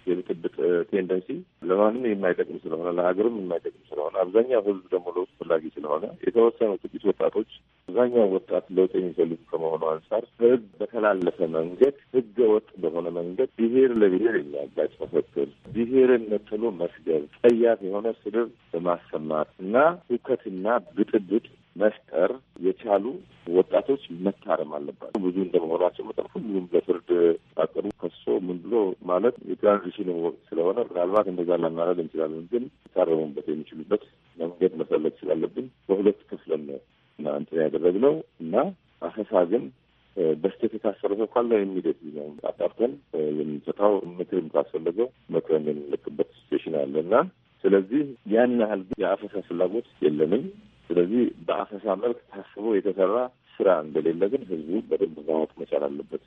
የብጥብጥ ቴንደንሲ ለማንም የማይጠቅም ስለሆነ ለሀገርም የማይጠቅም ስለሆነ አብዛኛው ህዝብ ደግሞ ለውጥ ፈላጊ ስለሆነ የተወሰኑ ጥቂት ወጣቶች አብዛኛው ወጣት ለውጥ የሚፈልጉ ከመሆኑ አንጻር ሕግ በተላለፈ መንገድ ህገ ወጥ በሆነ መንገድ ብሄር ለብሔር የሚያጋጭ መፈክር፣ ብሔርነት ተብሎ መስገብ ጸያፍ የሆነ ስድብ በማሰማት እና ሁከትና ብጥብጥ መፍጠር የቻሉ ወጣቶች መታረም አለባቸው። ብዙ እንደመሆናቸው መጠን ሁሉም ለፍርድ አቅሩ ከሶ ምን ብሎ ማለት የትራንዚሽን ወቅት ስለሆነ ምናልባት እንደዛ ላናረግ እንችላለን። ግን ታረሙበት የሚችሉበት መንገድ መፈለግ ስላለብን በሁለት ክፍለን ነው እና እንትን ያደረግነው እና አሰሳ ግን በስቴት የታሰረ ሰው ካለ የሚደት ነው አጣርተን የምንሰታው ምክርም ካስፈለገው መክረን የምንለቅበት ስቴሽን አለ እና ስለዚህ ያን ያህል የአፈሳ ፍላጎት የለንም። ስለዚህ በአሰሳ መልክ ታስቦ የተሰራ ስራ እንደሌለ ግን ህዝቡ በደንብ ማወቅ መቻል አለበት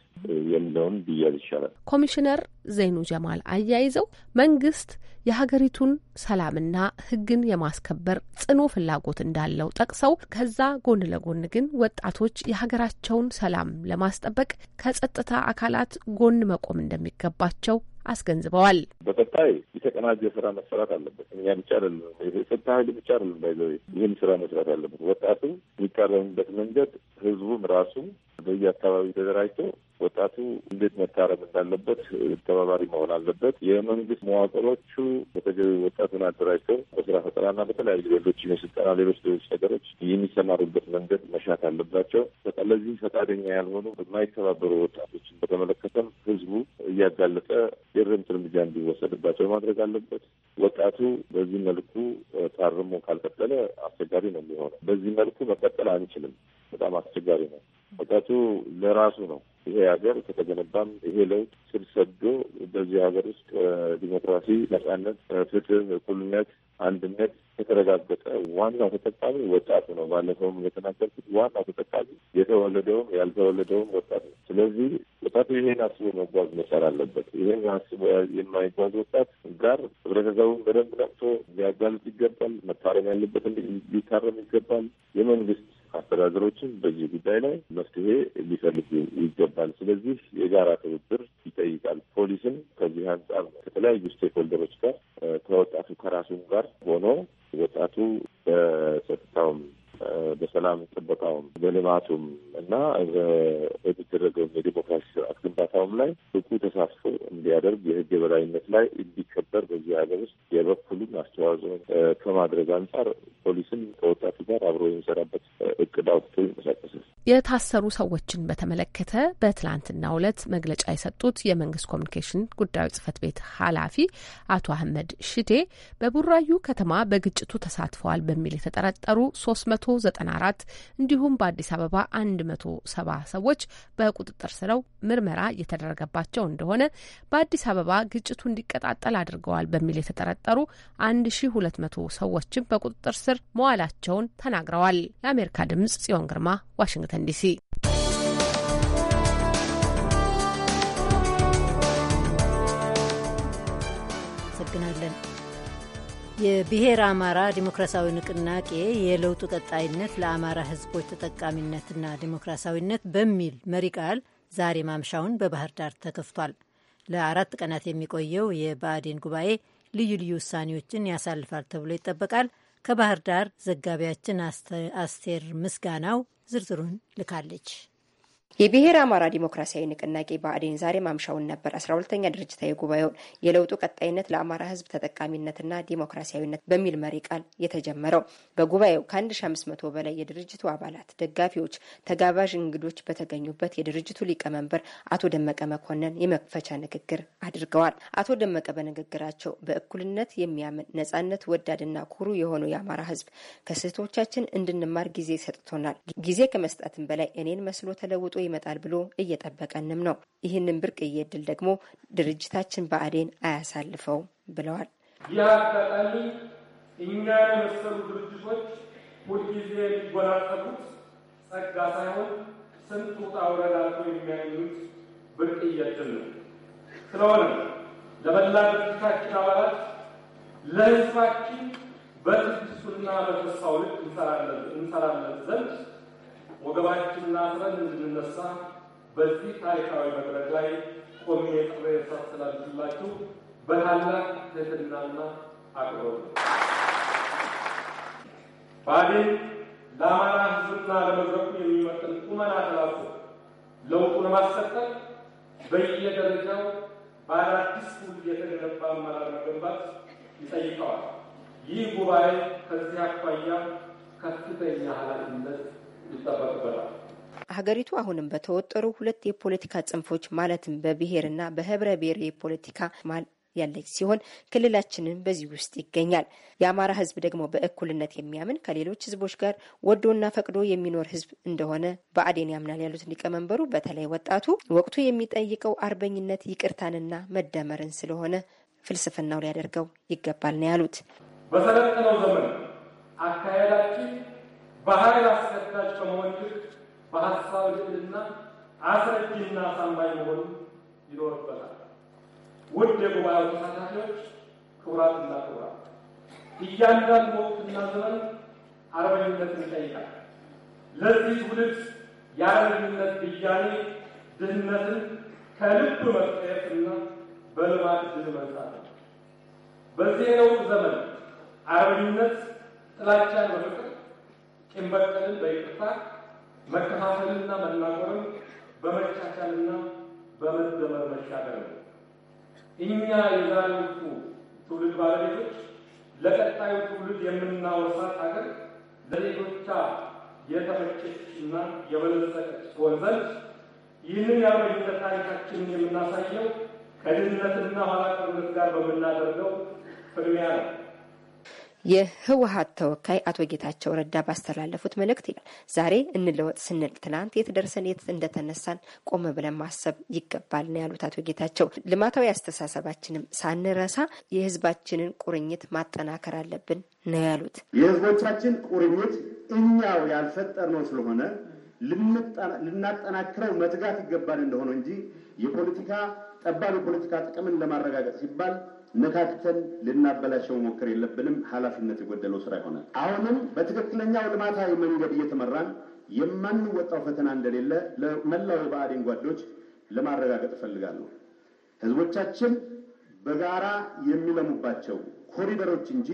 የሚለውን ብያዝ ይሻላል። ኮሚሽነር ዘይኑ ጀማል አያይዘው መንግስት የሀገሪቱን ሰላምና ህግን የማስከበር ጽኑ ፍላጎት እንዳለው ጠቅሰው ከዛ ጎን ለጎን ግን ወጣቶች የሀገራቸውን ሰላም ለማስጠበቅ ከጸጥታ አካላት ጎን መቆም እንደሚገባቸው አስገንዝበዋል። በቀጣይ የተቀናጀ ስራ መሰራት አለበት። እኛ ብቻ አይደለም፣ የፍትህ ኃይል ብቻ አይደለም። ባይዘ ይህም ስራ መስራት አለበት። ወጣቱ የሚቃረምበት መንገድ ህዝቡም ራሱም በየአካባቢው ተደራጅቶ ወጣቱ እንዴት መታረም እንዳለበት ተባባሪ መሆን አለበት። የመንግስት መዋቅሮቹ በተገቢ ወጣቱን አደራጅተው በስራ ፈጠራና በተለያዩ ሌሎች የስልጠና ሌሎች ሌሎች ነገሮች የሚሰማሩበት መንገድ መሻት አለባቸው። ለዚህ ፈቃደኛ ያልሆኑ የማይተባበሩ ወጣቶችን በተመለከተም ህዝቡ እያጋለጠ የእርምት እርምጃ እንዲወሰድባቸው ማድረግ አለበት። ወጣቱ በዚህ መልኩ ታርሞ ካልቀጠለ አስቸጋሪ ነው የሚሆነው። በዚህ መልኩ መቀጠል አንችልም። በጣም አስቸጋሪ ነው። እውቀቱ ለራሱ ነው። ይሄ ሀገር ከተገነባም ይሄ ለውጥ ስር ሰዶ በዚህ ሀገር ውስጥ ዲሞክራሲ፣ ነጻነት፣ ፍትህ፣ እኩልነት፣ አንድነት የተረጋገጠ ዋናው ተጠቃሚ ወጣቱ ነው። ባለፈውም የተናገርኩት ዋናው ተጠቃሚ የተወለደውም ያልተወለደውም ወጣት ነው። ስለዚህ ወጣቱ ይሄን አስቦ መጓዝ መቻል አለበት። ይሄን አስቦ የማይጓዝ ወጣት ጋር ህብረተሰቡን በደንብ ነቅቶ ሊያጋልጥ ይገባል። መታረም ያለበት ሊታረም ይገባል። የመንግስት አስተዳደሮችን በዚህ ጉዳይ ላይ መፍትሄ ሊፈልጉ ይገባል። ስለዚህ የጋራ ትብብር ይጠይቃል። ፖሊስም ከዚህ አንጻር ከተለያዩ ስቴክሆልደሮች ጋር ከወጣቱ ከራሱም ጋር ሆኖ ወጣቱ በጸጥታውም በሰላም ጥበቃውም በልማቱም እና በሚደረገውም የዲሞክራሲ ስርዓት ግንባታውም ላይ ብቁ ተሳትፎ እንዲያደርግ የሕግ የበላይነት ላይ እንዲከበር በዚህ ሀገር ውስጥ የበኩሉን አስተዋጽኦ ከማድረግ አንጻር ፖሊስም ከወጣቱ ጋር አብሮ የሚሰራበት እቅድ አውጥቶ ይንቀሳቀሳል። የታሰሩ ሰዎችን በተመለከተ በትላንትናው ዕለት መግለጫ የሰጡት የመንግስት ኮሚኒኬሽን ጉዳዮች ጽህፈት ቤት ኃላፊ አቶ አህመድ ሽዴ በቡራዩ ከተማ በግጭቱ ተሳትፈዋል በሚል የተጠረጠሩ 394 እንዲሁም በአዲስ አበባ 170 ሰዎች በቁጥጥር ስረው ምርመራ እየተደረገባቸው እንደሆነ በአዲስ አበባ ግጭቱ እንዲቀጣጠል አድርገዋል በሚል የተጠረጠሩ 1200 ሰዎችን በቁጥጥር ስር መዋላቸውን ተናግረዋል። ለአሜሪካ ድምጽ ጽዮን ግርማ ዋሽንግተን ዋሽንግተን ዲሲ። የብሔር አማራ ዲሞክራሲያዊ ንቅናቄ የለውጡ ቀጣይነት ለአማራ ሕዝቦች ተጠቃሚነትና ዲሞክራሲያዊነት በሚል መሪ ቃል ዛሬ ማምሻውን በባህር ዳር ተከፍቷል። ለአራት ቀናት የሚቆየው የብአዴን ጉባኤ ልዩ ልዩ ውሳኔዎችን ያሳልፋል ተብሎ ይጠበቃል። ከባህር ዳር ዘጋቢያችን አስቴር ምስጋናው ዝርዝሩን ልካለች። የብሔር አማራ ዲሞክራሲያዊ ንቅናቄ ብአዴን ዛሬ ማምሻውን ነበር አስራ ሁለተኛ ድርጅታዊ ጉባኤውን የለውጡ ቀጣይነት ለአማራ ህዝብ ተጠቃሚነትና ዲሞክራሲያዊነት በሚል መሪ ቃል የተጀመረው። በጉባኤው ከ1500 በላይ የድርጅቱ አባላት፣ ደጋፊዎች፣ ተጋባዥ እንግዶች በተገኙበት የድርጅቱ ሊቀመንበር አቶ ደመቀ መኮንን የመክፈቻ ንግግር አድርገዋል። አቶ ደመቀ በንግግራቸው በእኩልነት የሚያምን ነጻነት ወዳድና ኩሩ የሆኑ የአማራ ህዝብ ከስህቶቻችን እንድንማር ጊዜ ሰጥቶናል። ጊዜ ከመስጠትም በላይ እኔን መስሎ ተለውጦ ይመጣል ብሎ እየጠበቀንም ነው። ይህንን ብርቅዬ እድል ደግሞ ድርጅታችን ብአዴን አያሳልፈው ብለዋል። ይህ አጋጣሚ እኛ የመሰሉ ድርጅቶች ሁልጊዜ የሚጎናጸፉት ጸጋ ሳይሆን ስንት ውጣ ውረድ አልፎ የሚያገኙት ብርቅዬ እድል ነው። ስለሆነ ለመላ ድርጅታችን አባላት ለህዝባችን በትዕግስቱና በተስፋው ልክ እንሰራለን ዘንድ ወገባችንን አጥረን እንድንነሳ በዚህ ታሪካዊ መድረክ ላይ ቆሜ ጥሬ ሳስተላልፍላችሁ በታላቅ ትህትናና አክብሮት ባዴን ለአማራ ሕዝብና ለመድረኩ የሚመጥን ቁመና ተላልፎ ለውጡ ለማስቀጠል በየደረጃው በአዳዲስ ትውልድ የተገነባ አመራር መገንባት ይጠይቀዋል። ይህ ጉባኤ ከዚህ አኳያ ከፍተኛ ኃላፊነት ሀገሪቱ አሁንም በተወጠሩ ሁለት የፖለቲካ ጽንፎች ማለትም በብሔርና በህብረ ብሔር የፖለቲካ ማል ያለች ሲሆን ክልላችንም በዚህ ውስጥ ይገኛል። የአማራ ህዝብ ደግሞ በእኩልነት የሚያምን ከሌሎች ህዝቦች ጋር ወዶና ፈቅዶ የሚኖር ህዝብ እንደሆነ በአዴን ያምናል ያሉት ሊቀመንበሩ በተለይ ወጣቱ ወቅቱ የሚጠይቀው አርበኝነት ይቅርታንና መደመርን ስለሆነ ፍልስፍናው ሊያደርገው ይገባል ነው ያሉት። በሰለጠነው ዘመን አካሄዳችን በኃይል አስገዳጅ ከመሆን ይልቅ በሀሳብ ልዕልና አስረጂና አሳማኝ መሆኑ ይኖርበታል። ውድ የጉባኤው ተሳታፊዎች፣ ክቡራትና ክቡራት፣ እያንዳንዱ ወቅትና ዘመን አርበኝነትን ይጠይቃል። ለዚህ ትውልድ የአርበኝነት ብያኔ ድህነትን ከልብ መጠየቅና በልማት ድል መንሳት ነው። በዚህ የለውጥ ዘመን አርበኝነት ጥላቻን በፍቅር ቂም በቀልን በይቅርታ መከፋፈልና መናቆርን በመቻቻልና በመደመር መሻገር ነው። እኛ የዛሬዎቹ ትውልድ ባለቤቶች ለቀጣዩ ትውልድ የምናወርሳት ሀገር ለሌሎቿ የተመቸችና የበለጸቀች ትሆን ዘንድ ይህንን የአብሮነት ታሪካችንን የምናሳየው ከድህነትና ኋላ ቀርነት ጋር በምናደርገው ፍልሚያ ነው። የህወሀት ተወካይ አቶ ጌታቸው ረዳ ባስተላለፉት መልእክት ይላል ዛሬ እንለወጥ ስንል ትናንት የት ደርሰን የት እንደተነሳን ቆም ብለን ማሰብ ይገባል ነው ያሉት አቶ ጌታቸው። ልማታዊ አስተሳሰባችንም ሳንረሳ የህዝባችንን ቁርኝት ማጠናከር አለብን ነው ያሉት። የህዝቦቻችን ቁርኝት እኛው ያልፈጠርነው ስለሆነ ልናጠናክረው መትጋት ይገባል እንደሆነ እንጂ የፖለቲካ ጠባብ የፖለቲካ ጥቅምን ለማረጋገጥ ሲባል ነካክተን ልናበላሸው መሞከር የለብንም። ኃላፊነት የጎደለው ስራ ይሆናል። አሁንም በትክክለኛው ልማታዊ መንገድ እየተመራን የማንወጣው ፈተና እንደሌለ ለመላው የብአዴን ጓዶች ለማረጋገጥ እፈልጋለሁ። ህዝቦቻችን በጋራ የሚለሙባቸው ኮሪደሮች እንጂ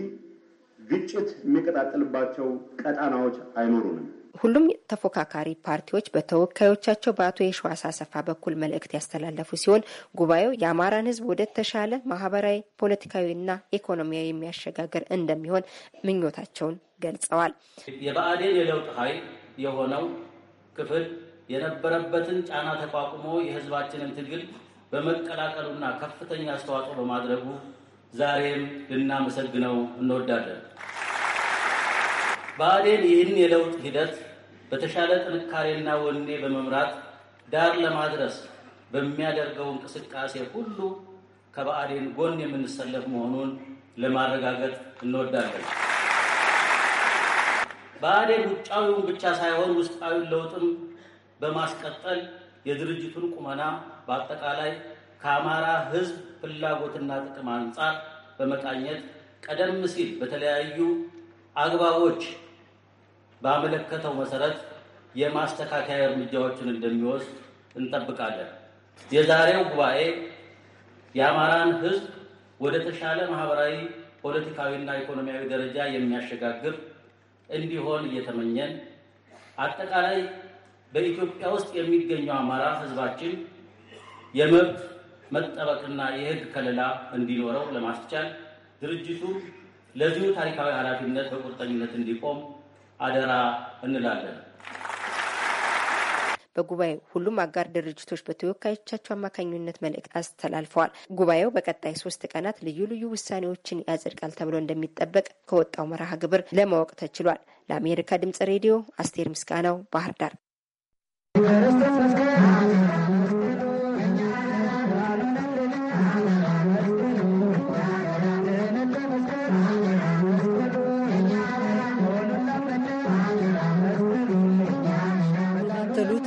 ግጭት የሚቀጣጠልባቸው ቀጣናዎች አይኖሩንም። ሁሉም ተፎካካሪ ፓርቲዎች በተወካዮቻቸው በአቶ የሸዋስ አሰፋ በኩል መልእክት ያስተላለፉ ሲሆን ጉባኤው የአማራን ሕዝብ ወደ ተሻለ ማህበራዊ፣ ፖለቲካዊና ኢኮኖሚያዊ የሚያሸጋግር እንደሚሆን ምኞታቸውን ገልጸዋል። የብአዴን የለውጥ ኃይል የሆነው ክፍል የነበረበትን ጫና ተቋቁሞ የህዝባችንን ትግል በመቀላቀሉና ከፍተኛ አስተዋጽኦ በማድረጉ ዛሬም ልናመሰግነው እንወዳለን። ብአዴን ይህን የለውጥ ሂደት በተሻለ ጥንካሬና ወኔ በመምራት ዳር ለማድረስ በሚያደርገው እንቅስቃሴ ሁሉ ከብአዴን ጎን የምንሰለፍ መሆኑን ለማረጋገጥ እንወዳለን። ብአዴን ውጫዊውን ብቻ ሳይሆን ውስጣዊውን ለውጥም በማስቀጠል የድርጅቱን ቁመና በአጠቃላይ ከአማራ ሕዝብ ፍላጎትና ጥቅም አንጻር በመቃኘት ቀደም ሲል በተለያዩ አግባቦች ባመለከተው መሰረት የማስተካከያ እርምጃዎችን እንደሚወስድ እንጠብቃለን። የዛሬው ጉባኤ የአማራን ሕዝብ ወደ ተሻለ ማህበራዊ፣ ፖለቲካዊና ኢኮኖሚያዊ ደረጃ የሚያሸጋግር እንዲሆን እየተመኘን አጠቃላይ በኢትዮጵያ ውስጥ የሚገኘው አማራ ሕዝባችን የመብት መጠበቅና የህግ ከለላ እንዲኖረው ለማስቻል ድርጅቱ ለዚሁ ታሪካዊ ኃላፊነት በቁርጠኝነት እንዲቆም አደራ እንላለን። በጉባኤው ሁሉም አጋር ድርጅቶች በተወካዮቻቸው አማካኝነት መልእክት አስተላልፈዋል። ጉባኤው በቀጣይ ሶስት ቀናት ልዩ ልዩ ውሳኔዎችን ያጸድቃል ተብሎ እንደሚጠበቅ ከወጣው መርሃ ግብር ለማወቅ ተችሏል። ለአሜሪካ ድምጽ ሬዲዮ አስቴር ምስጋናው ባህር ዳር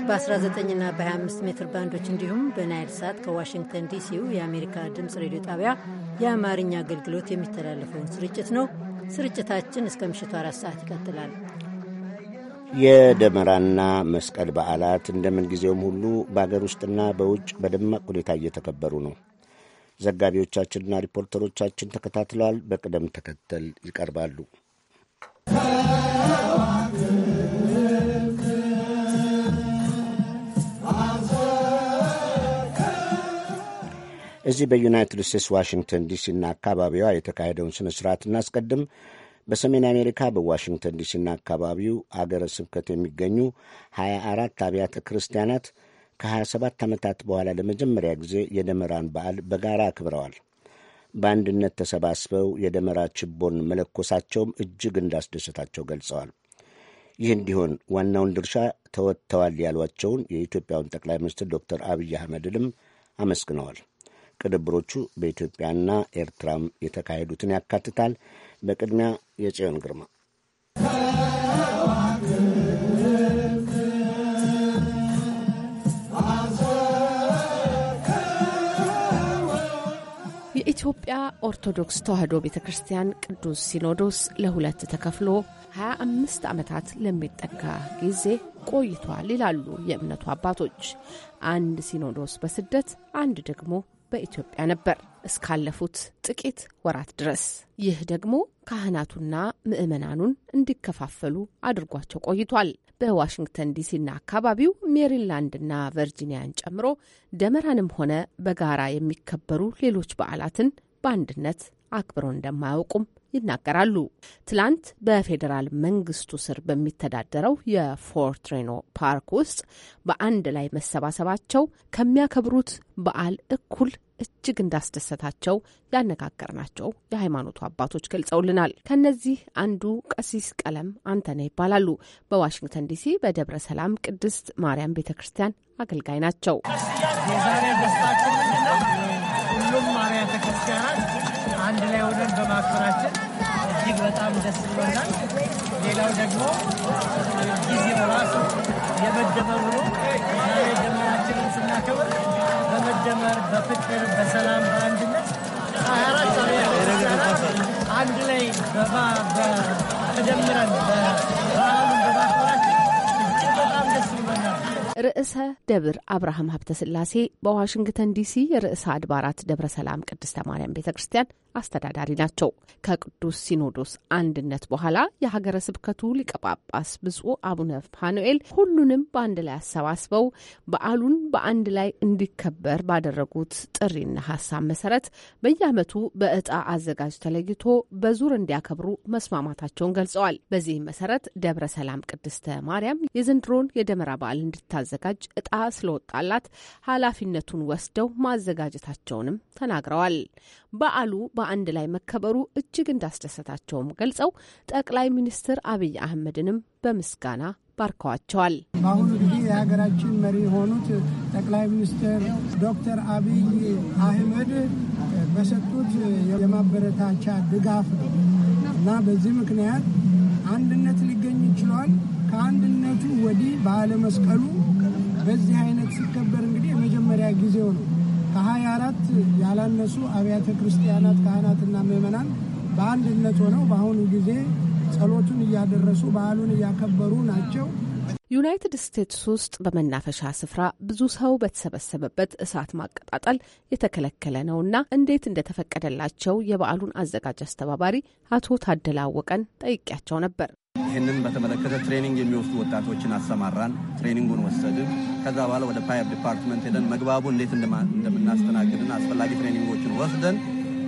በ19 ና በ25 ሜትር ባንዶች እንዲሁም በናይል ሳት ከዋሽንግተን ዲሲው የአሜሪካ ድምፅ ሬዲዮ ጣቢያ የአማርኛ አገልግሎት የሚተላለፈውን ስርጭት ነው። ስርጭታችን እስከ ምሽቱ አራት ሰዓት ይቀጥላል። የደመራና መስቀል በዓላት እንደምንጊዜውም ሁሉ በአገር ውስጥና በውጭ በደማቅ ሁኔታ እየተከበሩ ነው። ዘጋቢዎቻችንና ሪፖርተሮቻችን ተከታትለዋል። በቅደም ተከተል ይቀርባሉ። እዚህ በዩናይትድ ስቴትስ ዋሽንግተን ዲሲና አካባቢዋ የተካሄደውን ስነ ስርዓት እናስቀድም። በሰሜን አሜሪካ በዋሽንግተን ዲሲና አካባቢው አገረ ስብከት የሚገኙ 24 አብያተ ክርስቲያናት ከ27 ዓመታት በኋላ ለመጀመሪያ ጊዜ የደመራን በዓል በጋራ አክብረዋል። በአንድነት ተሰባስበው የደመራ ችቦን መለኮሳቸውም እጅግ እንዳስደሰታቸው ገልጸዋል። ይህ እንዲሆን ዋናውን ድርሻ ተወጥተዋል ያሏቸውን የኢትዮጵያውን ጠቅላይ ሚኒስትር ዶክተር አብይ አህመድንም አመስግነዋል። ቅንብሮቹ በኢትዮጵያና ኤርትራም የተካሄዱትን ያካትታል። በቅድሚያ የጽዮን ግርማ የኢትዮጵያ ኦርቶዶክስ ተዋሕዶ ቤተ ክርስቲያን ቅዱስ ሲኖዶስ ለሁለት ተከፍሎ 25 ዓመታት ለሚጠጋ ጊዜ ቆይቷል ይላሉ የእምነቱ አባቶች። አንድ ሲኖዶስ በስደት አንድ ደግሞ በኢትዮጵያ ነበር እስካለፉት ጥቂት ወራት ድረስ። ይህ ደግሞ ካህናቱና ምዕመናኑን እንዲከፋፈሉ አድርጓቸው ቆይቷል። በዋሽንግተን ዲሲና አካባቢው ሜሪላንድና ቨርጂኒያን ጨምሮ ደመራንም ሆነ በጋራ የሚከበሩ ሌሎች በዓላትን በአንድነት አክብረው እንደማያውቁም ይናገራሉ። ትላንት በፌዴራል መንግስቱ ስር በሚተዳደረው የፎርትሬኖ ፓርክ ውስጥ በአንድ ላይ መሰባሰባቸው ከሚያከብሩት በዓል እኩል እጅግ እንዳስደሰታቸው ያነጋገርናቸው የሃይማኖቱ አባቶች ገልጸውልናል። ከነዚህ አንዱ ቀሲስ ቀለም አንተነ ይባላሉ። በዋሽንግተን ዲሲ በደብረ ሰላም ቅድስት ማርያም ቤተ ክርስቲያን አገልጋይ ናቸው። አንድ ላይ ሆነን በማክበራችን እጅግ በጣም ደስ ይሆናል። ሌላው ደግሞ ጊዜ ራሱ የመደመሩ ሆኖ ዛሬ ስናከብር በመደመር በፍቅር በሰላም በአንድነት አንድ ላይ ተደምረን ርዕሰ ደብር አብርሃም ሀብተ ስላሴ በዋሽንግተን ዲሲ የርዕሰ አድባራት ደብረ ሰላም ቅድስተ ማርያም ቤተ ክርስቲያን አስተዳዳሪ ናቸው። ከቅዱስ ሲኖዶስ አንድነት በኋላ የሀገረ ስብከቱ ሊቀ ጳጳስ ብፁዕ አቡነ ፋኑኤል ሁሉንም በአንድ ላይ አሰባስበው በዓሉን በአንድ ላይ እንዲከበር ባደረጉት ጥሪና ሀሳብ መሰረት በየዓመቱ በእጣ አዘጋጅ ተለይቶ በዙር እንዲያከብሩ መስማማታቸውን ገልጸዋል። በዚህም መሰረት ደብረ ሰላም ቅድስተ ማርያም የዘንድሮን የደመራ በዓል እንድታዘ እንድታዘጋጅ እጣ ስለወጣላት ኃላፊነቱን ወስደው ማዘጋጀታቸውንም ተናግረዋል። በዓሉ በአንድ ላይ መከበሩ እጅግ እንዳስደሰታቸውም ገልጸው ጠቅላይ ሚኒስትር አብይ አህመድንም በምስጋና ባርከዋቸዋል። በአሁኑ ጊዜ የሀገራችን መሪ የሆኑት ጠቅላይ ሚኒስትር ዶክተር አብይ አህመድ በሰጡት የማበረታቻ ድጋፍ ነው እና በዚህ ምክንያት አንድነት ሊገኝ ይችሏል። ከአንድነቱ ወዲህ በዓለ በዚህ አይነት ሲከበር እንግዲህ የመጀመሪያ ጊዜው ነው። ከሀያ አራት ያላነሱ አብያተ ክርስቲያናት ካህናትና ምዕመናን በአንድነት ሆነው በአሁኑ ጊዜ ጸሎቱን እያደረሱ በዓሉን እያከበሩ ናቸው። ዩናይትድ ስቴትስ ውስጥ በመናፈሻ ስፍራ ብዙ ሰው በተሰበሰበበት እሳት ማቀጣጠል የተከለከለ ነውና እንዴት እንደተፈቀደላቸው የበዓሉን አዘጋጅ አስተባባሪ አቶ ታደላወቀን አወቀን ጠይቄያቸው ነበር። ይህንን በተመለከተ ትሬኒንግ የሚወስዱ ወጣቶችን አሰማራን። ትሬኒንጉን ወሰድን። ከዛ በኋላ ወደ ፋየር ዲፓርትመንት ሄደን መግባቡ እንዴት እንደምናስተናግድን አስፈላጊ ትሬኒንጎችን ወስደን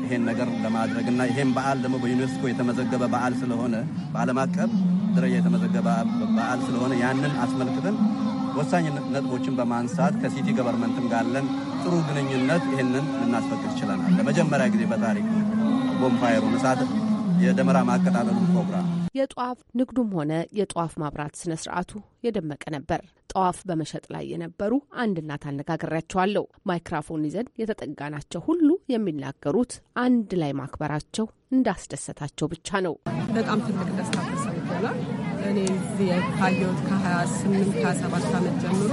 ይሄን ነገር ለማድረግ እና ይሄን በዓል ደግሞ በዩኔስኮ የተመዘገበ በዓል ስለሆነ በዓለም አቀፍ ደረጃ የተመዘገበ በዓል ስለሆነ ያንን አስመልክተን ወሳኝ ነጥቦችን በማንሳት ከሲቲ ገቨርንመንትም ጋለን ጥሩ ግንኙነት ይህንን ልናስፈቅድ ችለናል። ለመጀመሪያ ጊዜ በታሪክ ቦምፋየሩን እሳት የደመራ ማቀጣጠሉን ፕሮግራም የጧፍ ንግዱም ሆነ የጧፍ ማብራት ስነ ስርዓቱ የደመቀ ነበር። ጧፍ በመሸጥ ላይ የነበሩ አንድ እናት አነጋግሬያቸዋለሁ። ማይክራፎን ይዘን የተጠጋናቸው ሁሉ የሚናገሩት አንድ ላይ ማክበራቸው እንዳስደሰታቸው ብቻ ነው። በጣም ትልቅ ደስታ ተሰምቶናል። እኔ ካየሁት ከ28 ከ27 ዓመት ጀምሮ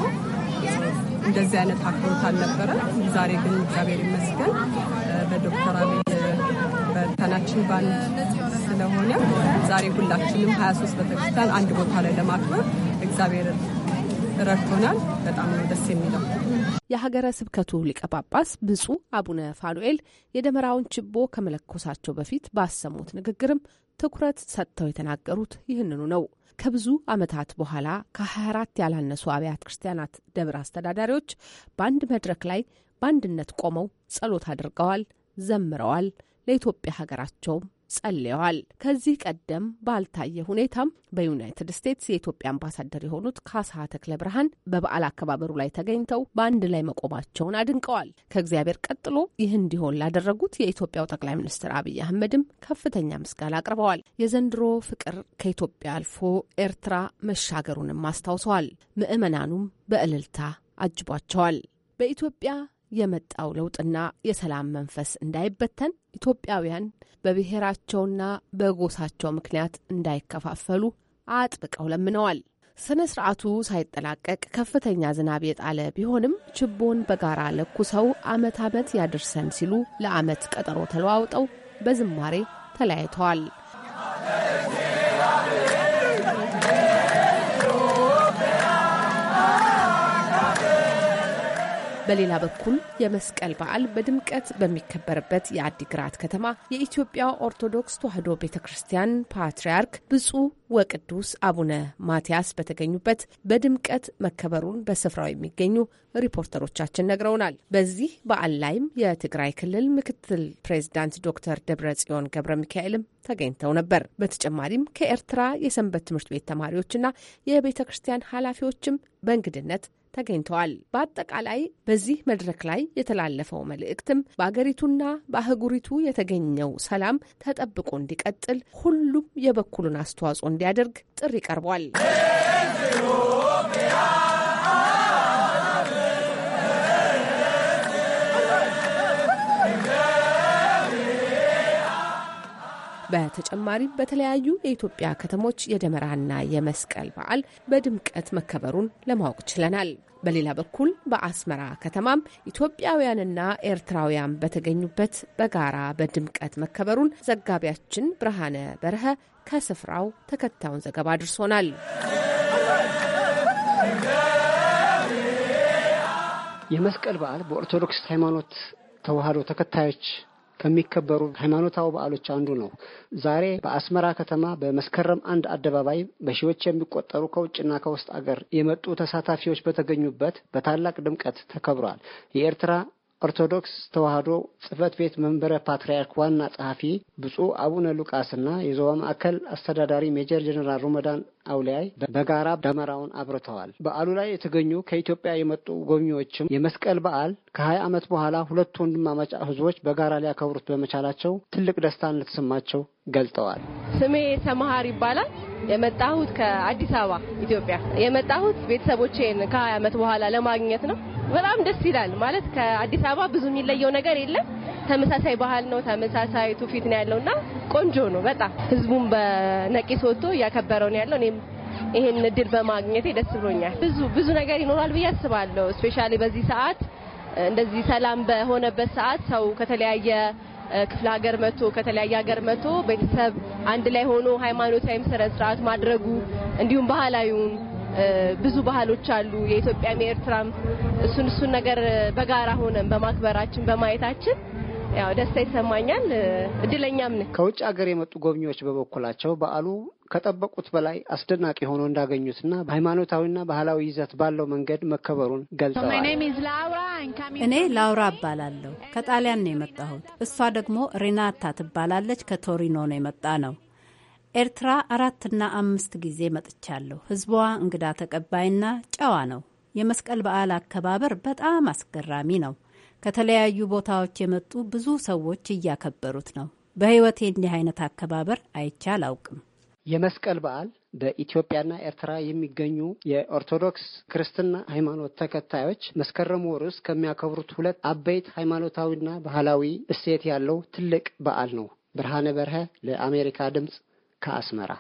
እንደዚህ አይነት አክብሮት አልነበረ። ዛሬ ግን እግዚአብሔር ይመስገን በዶክተር አብይ በተናችን ባንድ ስለሆነ ዛሬ ሁላችንም 23 ቤተክርስቲያን አንድ ቦታ ላይ ለማክበር እግዚአብሔር ረድቶናል። በጣም ነው ደስ የሚለው። የሀገረ ስብከቱ ሊቀ ጳጳስ ብፁዕ አቡነ ፋኑኤል የደመራውን ችቦ ከመለኮሳቸው በፊት ባሰሙት ንግግርም ትኩረት ሰጥተው የተናገሩት ይህንኑ ነው። ከብዙ ዓመታት በኋላ ከ24 ያላነሱ አብያተ ክርስቲያናት ደብር አስተዳዳሪዎች በአንድ መድረክ ላይ በአንድነት ቆመው ጸሎት አድርገዋል፣ ዘምረዋል። ለኢትዮጵያ ሀገራቸውም ጸልየዋል። ከዚህ ቀደም ባልታየ ሁኔታም በዩናይትድ ስቴትስ የኢትዮጵያ አምባሳደር የሆኑት ካሳ ተክለ ብርሃን በበዓል አከባበሩ ላይ ተገኝተው በአንድ ላይ መቆማቸውን አድንቀዋል። ከእግዚአብሔር ቀጥሎ ይህ እንዲሆን ላደረጉት የኢትዮጵያው ጠቅላይ ሚኒስትር አብይ አህመድም ከፍተኛ ምስጋና አቅርበዋል። የዘንድሮ ፍቅር ከኢትዮጵያ አልፎ ኤርትራ መሻገሩንም አስታውሰዋል። ምዕመናኑም በእልልታ አጅቧቸዋል። በኢትዮጵያ የመጣው ለውጥና የሰላም መንፈስ እንዳይበተን ኢትዮጵያውያን በብሔራቸውና በጎሳቸው ምክንያት እንዳይከፋፈሉ አጥብቀው ለምነዋል። ስነ ስርዓቱ ሳይጠላቀቅ ከፍተኛ ዝናብ የጣለ ቢሆንም ችቦን በጋራ ለኩሰው አመት አመት ያድርሰን ሲሉ ለአመት ቀጠሮ ተለዋውጠው በዝማሬ ተለያይተዋል። በሌላ በኩል የመስቀል በዓል በድምቀት በሚከበርበት የአዲግራት ከተማ የኢትዮጵያ ኦርቶዶክስ ተዋሕዶ ቤተ ክርስቲያን ፓትርያርክ ብፁዕ ወቅዱስ አቡነ ማትያስ በተገኙበት በድምቀት መከበሩን በስፍራው የሚገኙ ሪፖርተሮቻችን ነግረውናል። በዚህ በዓል ላይም የትግራይ ክልል ምክትል ፕሬዚዳንት ዶክተር ደብረ ጽዮን ገብረ ሚካኤልም ተገኝተው ነበር። በተጨማሪም ከኤርትራ የሰንበት ትምህርት ቤት ተማሪዎችና የቤተ ክርስቲያን ኃላፊዎችም በእንግድነት ተገኝተዋል። በአጠቃላይ በዚህ መድረክ ላይ የተላለፈው መልእክትም በአገሪቱና በአህጉሪቱ የተገኘው ሰላም ተጠብቆ እንዲቀጥል ሁሉም የበኩሉን አስተዋጽኦ እንዲያደርግ ጥሪ ቀርቧል። በተጨማሪም በተለያዩ የኢትዮጵያ ከተሞች የደመራና የመስቀል በዓል በድምቀት መከበሩን ለማወቅ ችለናል። በሌላ በኩል በአስመራ ከተማም ኢትዮጵያውያንና ኤርትራውያን በተገኙበት በጋራ በድምቀት መከበሩን ዘጋቢያችን ብርሃነ በረኸ ከስፍራው ተከታዩን ዘገባ አድርሶናል። የመስቀል በዓል በኦርቶዶክስ ሃይማኖት ተዋህዶ ተከታዮች ከሚከበሩ ሃይማኖታዊ በዓሎች አንዱ ነው። ዛሬ በአስመራ ከተማ በመስከረም አንድ አደባባይ በሺዎች የሚቆጠሩ ከውጭና ከውስጥ አገር የመጡ ተሳታፊዎች በተገኙበት በታላቅ ድምቀት ተከብሯል። የኤርትራ ኦርቶዶክስ ተዋህዶ ጽፈት ቤት መንበረ ፓትርያርክ ዋና ጸሐፊ ብፁዕ አቡነ ሉቃስና የዞባ ማዕከል አስተዳዳሪ ሜጀር ጀኔራል ሮመዳን አውሊያይ በጋራ ደመራውን አብርተዋል። በዓሉ ላይ የተገኙ ከኢትዮጵያ የመጡ ጎብኚዎችም የመስቀል በዓል ከሀያ ዓመት በኋላ ሁለቱ ወንድማማች ህዝቦች በጋራ ሊያከብሩት በመቻላቸው ትልቅ ደስታ እንደተሰማቸው ገልጠዋል። ስሜ ሰማሃር ይባላል። የመጣሁት ከአዲስ አበባ ኢትዮጵያ የመጣሁት ቤተሰቦቼን ከሀያ ዓመት በኋላ ለማግኘት ነው። በጣም ደስ ይላል። ማለት ከአዲስ አበባ ብዙ የሚለየው ነገር የለም። ተመሳሳይ ባህል ነው። ተመሳሳይ ትውፊት ነው ያለውና ቆንጆ ነው በጣም ህዝቡም በነቂስ ወጥቶ እያከበረው ነው ያለው። ይሄን እድል በማግኘቴ ደስ ብሎኛል። ብዙ ብዙ ነገር ይኖራል ብዬ አስባለሁ። ስፔሻሊ በዚህ ሰዓት እንደዚህ ሰላም በሆነበት ሰዓት ሰው ከተለያየ ክፍለ ሀገር መጥቶ ከተለያየ ሀገር መጥቶ ቤተሰብ አንድ ላይ ሆኖ ሃይማኖታዊም ስነ ስርዓት ማድረጉ እንዲሁም ባህላዊውን ብዙ ባህሎች አሉ የኢትዮጵያም የኤርትራም እሱን እሱን ነገር በጋራ ሆነን በማክበራችን በማየታችን ያው ደስታ ይሰማኛል። እድለኛም ነኝ። ከውጭ ሀገር የመጡ ጎብኚዎች በበኩላቸው በዓሉ ከጠበቁት በላይ አስደናቂ ሆኖ እንዳገኙትና በሃይማኖታዊና ባህላዊ ይዘት ባለው መንገድ መከበሩን ገልጸዋል። እኔ ላውራ እባላለሁ። ከጣሊያን ነው የመጣሁት። እሷ ደግሞ ሪናታ ትባላለች። ከቶሪኖ ነው የመጣ ነው። ኤርትራ አራትና አምስት ጊዜ መጥቻለሁ። ህዝቧ እንግዳ ተቀባይና ጨዋ ነው። የመስቀል በዓል አከባበር በጣም አስገራሚ ነው። ከተለያዩ ቦታዎች የመጡ ብዙ ሰዎች እያከበሩት ነው። በህይወቴ እንዲህ አይነት አከባበር አይቼ አላውቅም። የመስቀል በዓል በኢትዮጵያና ኤርትራ የሚገኙ የኦርቶዶክስ ክርስትና ሃይማኖት ተከታዮች መስከረም ወር ውስጥ ከሚያከብሩት ሁለት አበይት ሃይማኖታዊና ባህላዊ እሴት ያለው ትልቅ በዓል ነው። ብርሃነ በርሀ ለአሜሪካ ድምፅ ከአስመራ።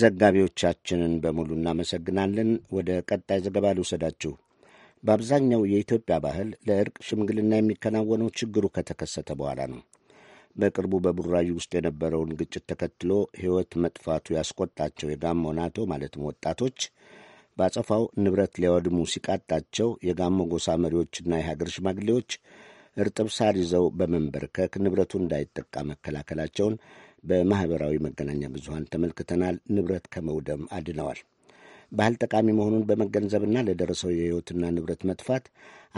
ዘጋቢዎቻችንን በሙሉ እናመሰግናለን። ወደ ቀጣይ ዘገባ ልውሰዳችሁ። በአብዛኛው የኢትዮጵያ ባህል ለእርቅ ሽምግልና የሚከናወነው ችግሩ ከተከሰተ በኋላ ነው። በቅርቡ በቡራዩ ውስጥ የነበረውን ግጭት ተከትሎ ሕይወት መጥፋቱ ያስቆጣቸው የጋሞ ናቶ ማለትም ወጣቶች ባጸፋው ንብረት ሊያወድሙ ሲቃጣቸው የጋሞ ጎሳ መሪዎችና የሀገር ሽማግሌዎች እርጥብ ሳር ይዘው በመንበርከክ ንብረቱ እንዳይጠቃ መከላከላቸውን በማኅበራዊ መገናኛ ብዙሃን ተመልክተናል። ንብረት ከመውደም አድነዋል። ባህል ጠቃሚ መሆኑን በመገንዘብና ለደረሰው የሕይወትና ንብረት መጥፋት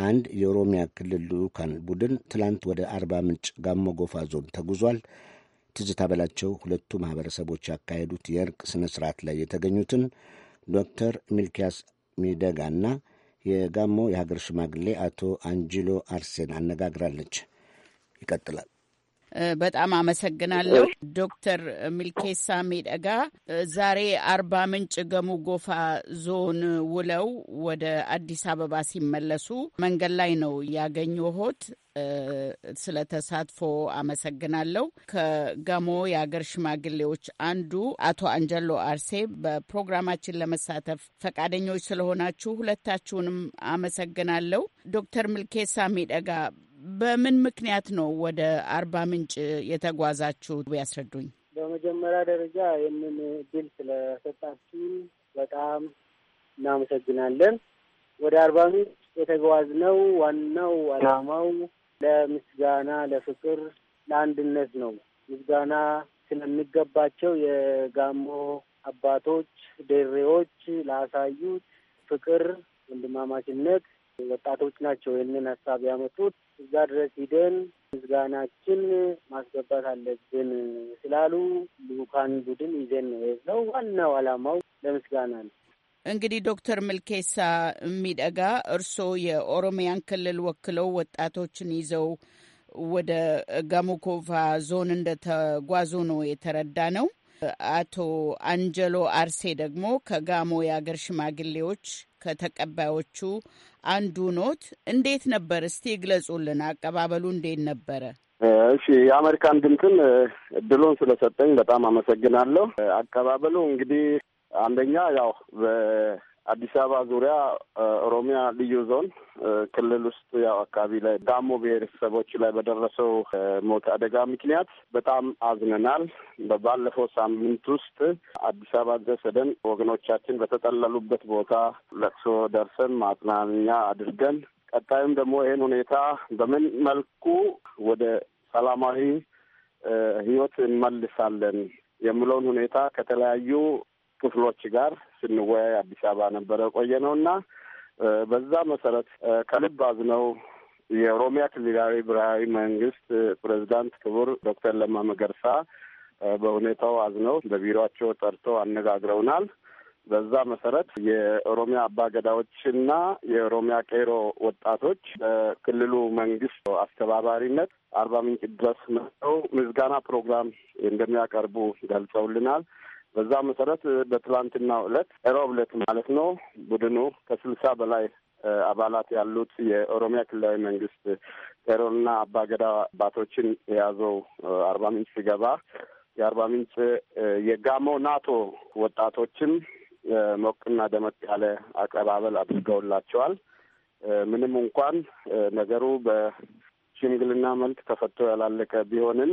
አንድ የኦሮሚያ ክልል ልዑካን ቡድን ትላንት ወደ አርባ ምንጭ ጋሞ ጎፋ ዞን ተጉዟል። ትዝታ በላቸው ሁለቱ ማህበረሰቦች ያካሄዱት የእርቅ ስነ ስርዓት ላይ የተገኙትን ዶክተር ሚልኪያስ ሚደጋና የጋሞ የሀገር ሽማግሌ አቶ አንጂሎ አርሴን አነጋግራለች። ይቀጥላል። በጣም አመሰግናለሁ ዶክተር ሚልኬሳ ሜደጋ ዛሬ አርባ ምንጭ ገሙ ጎፋ ዞን ውለው ወደ አዲስ አበባ ሲመለሱ መንገድ ላይ ነው ያገኘሁት። ስለ ተሳትፎ አመሰግናለሁ። ከገሞ የአገር ሽማግሌዎች አንዱ አቶ አንጀሎ አርሴ በፕሮግራማችን ለመሳተፍ ፈቃደኞች ስለሆናችሁ ሁለታችሁንም አመሰግናለሁ። ዶክተር ሚልኬሳ ሚደጋ በምን ምክንያት ነው ወደ አርባ ምንጭ የተጓዛችሁ ያስረዱኝ። በመጀመሪያ ደረጃ ይህንን እድል ስለሰጣችሁን በጣም እናመሰግናለን። ወደ አርባ ምንጭ የተጓዝነው ዋናው ዓላማው ለምስጋና፣ ለፍቅር፣ ለአንድነት ነው። ምስጋና ስለሚገባቸው የጋሞ አባቶች፣ ደሬዎች ላሳዩት ፍቅር፣ ወንድማማችነት ወጣቶች ናቸው ይህንን ሀሳብ ያመጡት። እዛ ድረስ ሂደን ምስጋናችን ማስገባት አለብን ስላሉ ልኡካን ቡድን ይዘን ነው የሄድነው። ዋናው አላማው ለምስጋና ነው። እንግዲህ ዶክተር ምልኬሳ የሚደጋ እርስዎ የኦሮሚያን ክልል ወክለው ወጣቶችን ይዘው ወደ ጋሞኮቫ ዞን እንደተጓዙ ነው የተረዳ ነው። አቶ አንጀሎ አርሴ ደግሞ ከጋሞ የአገር ሽማግሌዎች ከተቀባዮቹ አንዱ ኖት። እንዴት ነበር? እስቲ ግለጹልን። አቀባበሉ እንዴት ነበረ? እሺ የአሜሪካን ድምፅን እድሉን ስለሰጠኝ በጣም አመሰግናለሁ። አቀባበሉ እንግዲህ አንደኛ ያው አዲስ አበባ ዙሪያ ኦሮሚያ ልዩ ዞን ክልል ውስጥ ያው አካባቢ ላይ ዳሞ ብሔረሰቦች ላይ በደረሰው ሞት አደጋ ምክንያት በጣም አዝነናል። ባለፈው ሳምንት ውስጥ አዲስ አበባ ድረስ ሄደን ወገኖቻችን በተጠለሉበት ቦታ ለቅሶ ደርሰን ማጽናኛ አድርገን ቀጣይም ደግሞ ይህን ሁኔታ በምን መልኩ ወደ ሰላማዊ ህይወት እንመልሳለን የሚለውን ሁኔታ ከተለያዩ ክፍሎች ጋር ስንወያይ አዲስ አበባ ነበረ ቆየ ነው እና በዛ መሰረት ከልብ አዝነው የኦሮሚያ ክልላዊ ብሔራዊ መንግስት ፕሬዚዳንት ክቡር ዶክተር ለማ መገርሳ በሁኔታው አዝነው በቢሮቸው ጠርተው አነጋግረውናል። በዛ መሰረት የኦሮሚያ አባገዳዎችና የኦሮሚያ ቄሮ ወጣቶች በክልሉ መንግስት አስተባባሪነት አርባ ምንጭ ድረስ መጥተው ምዝጋና ፕሮግራም እንደሚያቀርቡ ገልጸውልናል። በዛ መሰረት በትላንትናው ዕለት ሮብ ዕለት ማለት ነው ቡድኑ ከስልሳ በላይ አባላት ያሉት የኦሮሚያ ክልላዊ መንግስት ቄሮና አባገዳ አባቶችን የያዘው አርባ ምንጭ ሲገባ የአርባ ምንጭ የጋሞ ናቶ ወጣቶችም ሞቅና ደመቅ ያለ አቀባበል አድርገውላቸዋል። ምንም እንኳን ነገሩ በሽምግልና መልክ ተፈቶ ያላለቀ ቢሆንም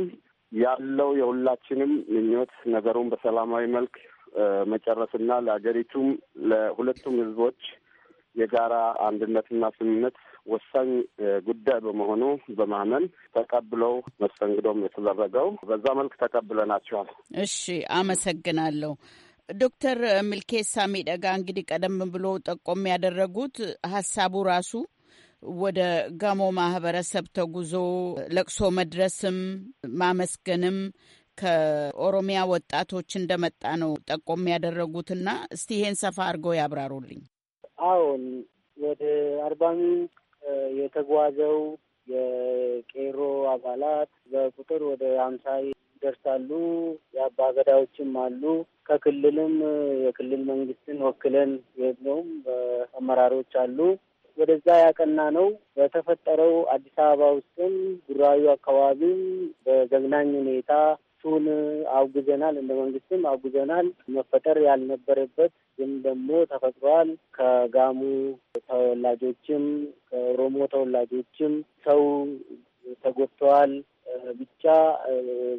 ያለው የሁላችንም ምኞት ነገሩን በሰላማዊ መልክ መጨረስና ለሀገሪቱም ለሁለቱም ህዝቦች የጋራ አንድነትና ስምምነት ወሳኝ ጉዳይ በመሆኑ በማመን ተቀብለው መስተንግዶም የተደረገው በዛ መልክ ተቀብለናቸዋል። እሺ፣ አመሰግናለሁ። ዶክተር ሚልኬሳ ሚደጋ እንግዲህ ቀደም ብሎ ጠቆም ያደረጉት ሀሳቡ ራሱ ወደ ጋሞ ማህበረሰብ ተጉዞ ለቅሶ መድረስም ማመስገንም ከኦሮሚያ ወጣቶች እንደመጣ ነው ጠቆም ያደረጉትና እስቲ ይሄን ሰፋ አድርገው ያብራሩልኝ። አዎን ወደ አርባ ምንጭ የተጓዘው የቄሮ አባላት በቁጥር ወደ አምሳ ይደርሳሉ። የአባ ገዳዎችም አሉ። ከክልልም የክልል መንግስትን ወክለን የለውም አመራሮች አሉ። ወደዛ ያቀና ነው። በተፈጠረው አዲስ አበባ ውስጥም ጉራዩ አካባቢም በዘግናኝ ሁኔታ እሱን አውግዘናል፣ እንደ መንግስትም አውግዘናል። መፈጠር ያልነበረበት ግን ደግሞ ተፈጥሯል። ከጋሙ ተወላጆችም ከኦሮሞ ተወላጆችም ሰው ተጎድተዋል። ብቻ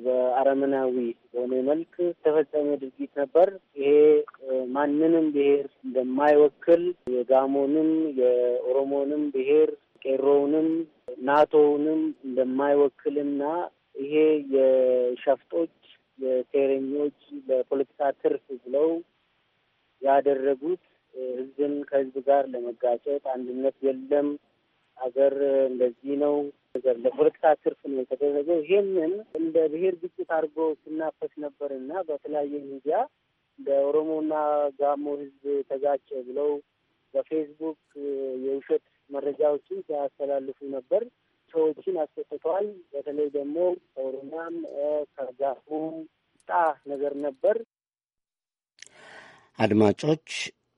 በአረመናዊ በሆነ መልክ የተፈጸመ ድርጊት ነበር። ይሄ ማንንም ብሔር እንደማይወክል የጋሞንም የኦሮሞንም ብሔር ቄሮውንም ናቶውንም እንደማይወክልና ይሄ የሸፍጦች የሴረኞች ለፖለቲካ ትርፍ ብለው ያደረጉት ህዝብን ከህዝብ ጋር ለመጋጨት አንድነት የለም ሀገር እንደዚህ ነው ነገር ለፖለቲካ ትርፍ ነው የተደረገው። ይህንን እንደ ብሔር ግጭት አድርጎ ስናፈስ ነበር እና በተለያየ ሚዲያ ለኦሮሞና ጋሞ ህዝብ ተጋጨ ብለው በፌስቡክ የውሸት መረጃዎችን ሲያስተላልፉ ነበር። ሰዎችን አስቆጥተዋል። በተለይ ደግሞ ከኦሮሚያም ከጋሞ ጣ ነገር ነበር። አድማጮች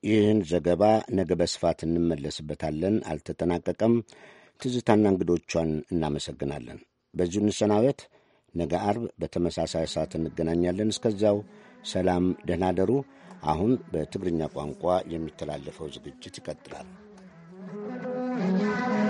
ይህን ዘገባ ነገ በስፋት እንመለስበታለን። አልተጠናቀቀም። ትዝታና እንግዶቿን እናመሰግናለን። በዚሁ እንሰናበት። ነገ አርብ በተመሳሳይ ሰዓት እንገናኛለን። እስከዚያው ሰላም፣ ደህና ደሩ። አሁን በትግርኛ ቋንቋ የሚተላለፈው ዝግጅት ይቀጥላል። Thank you.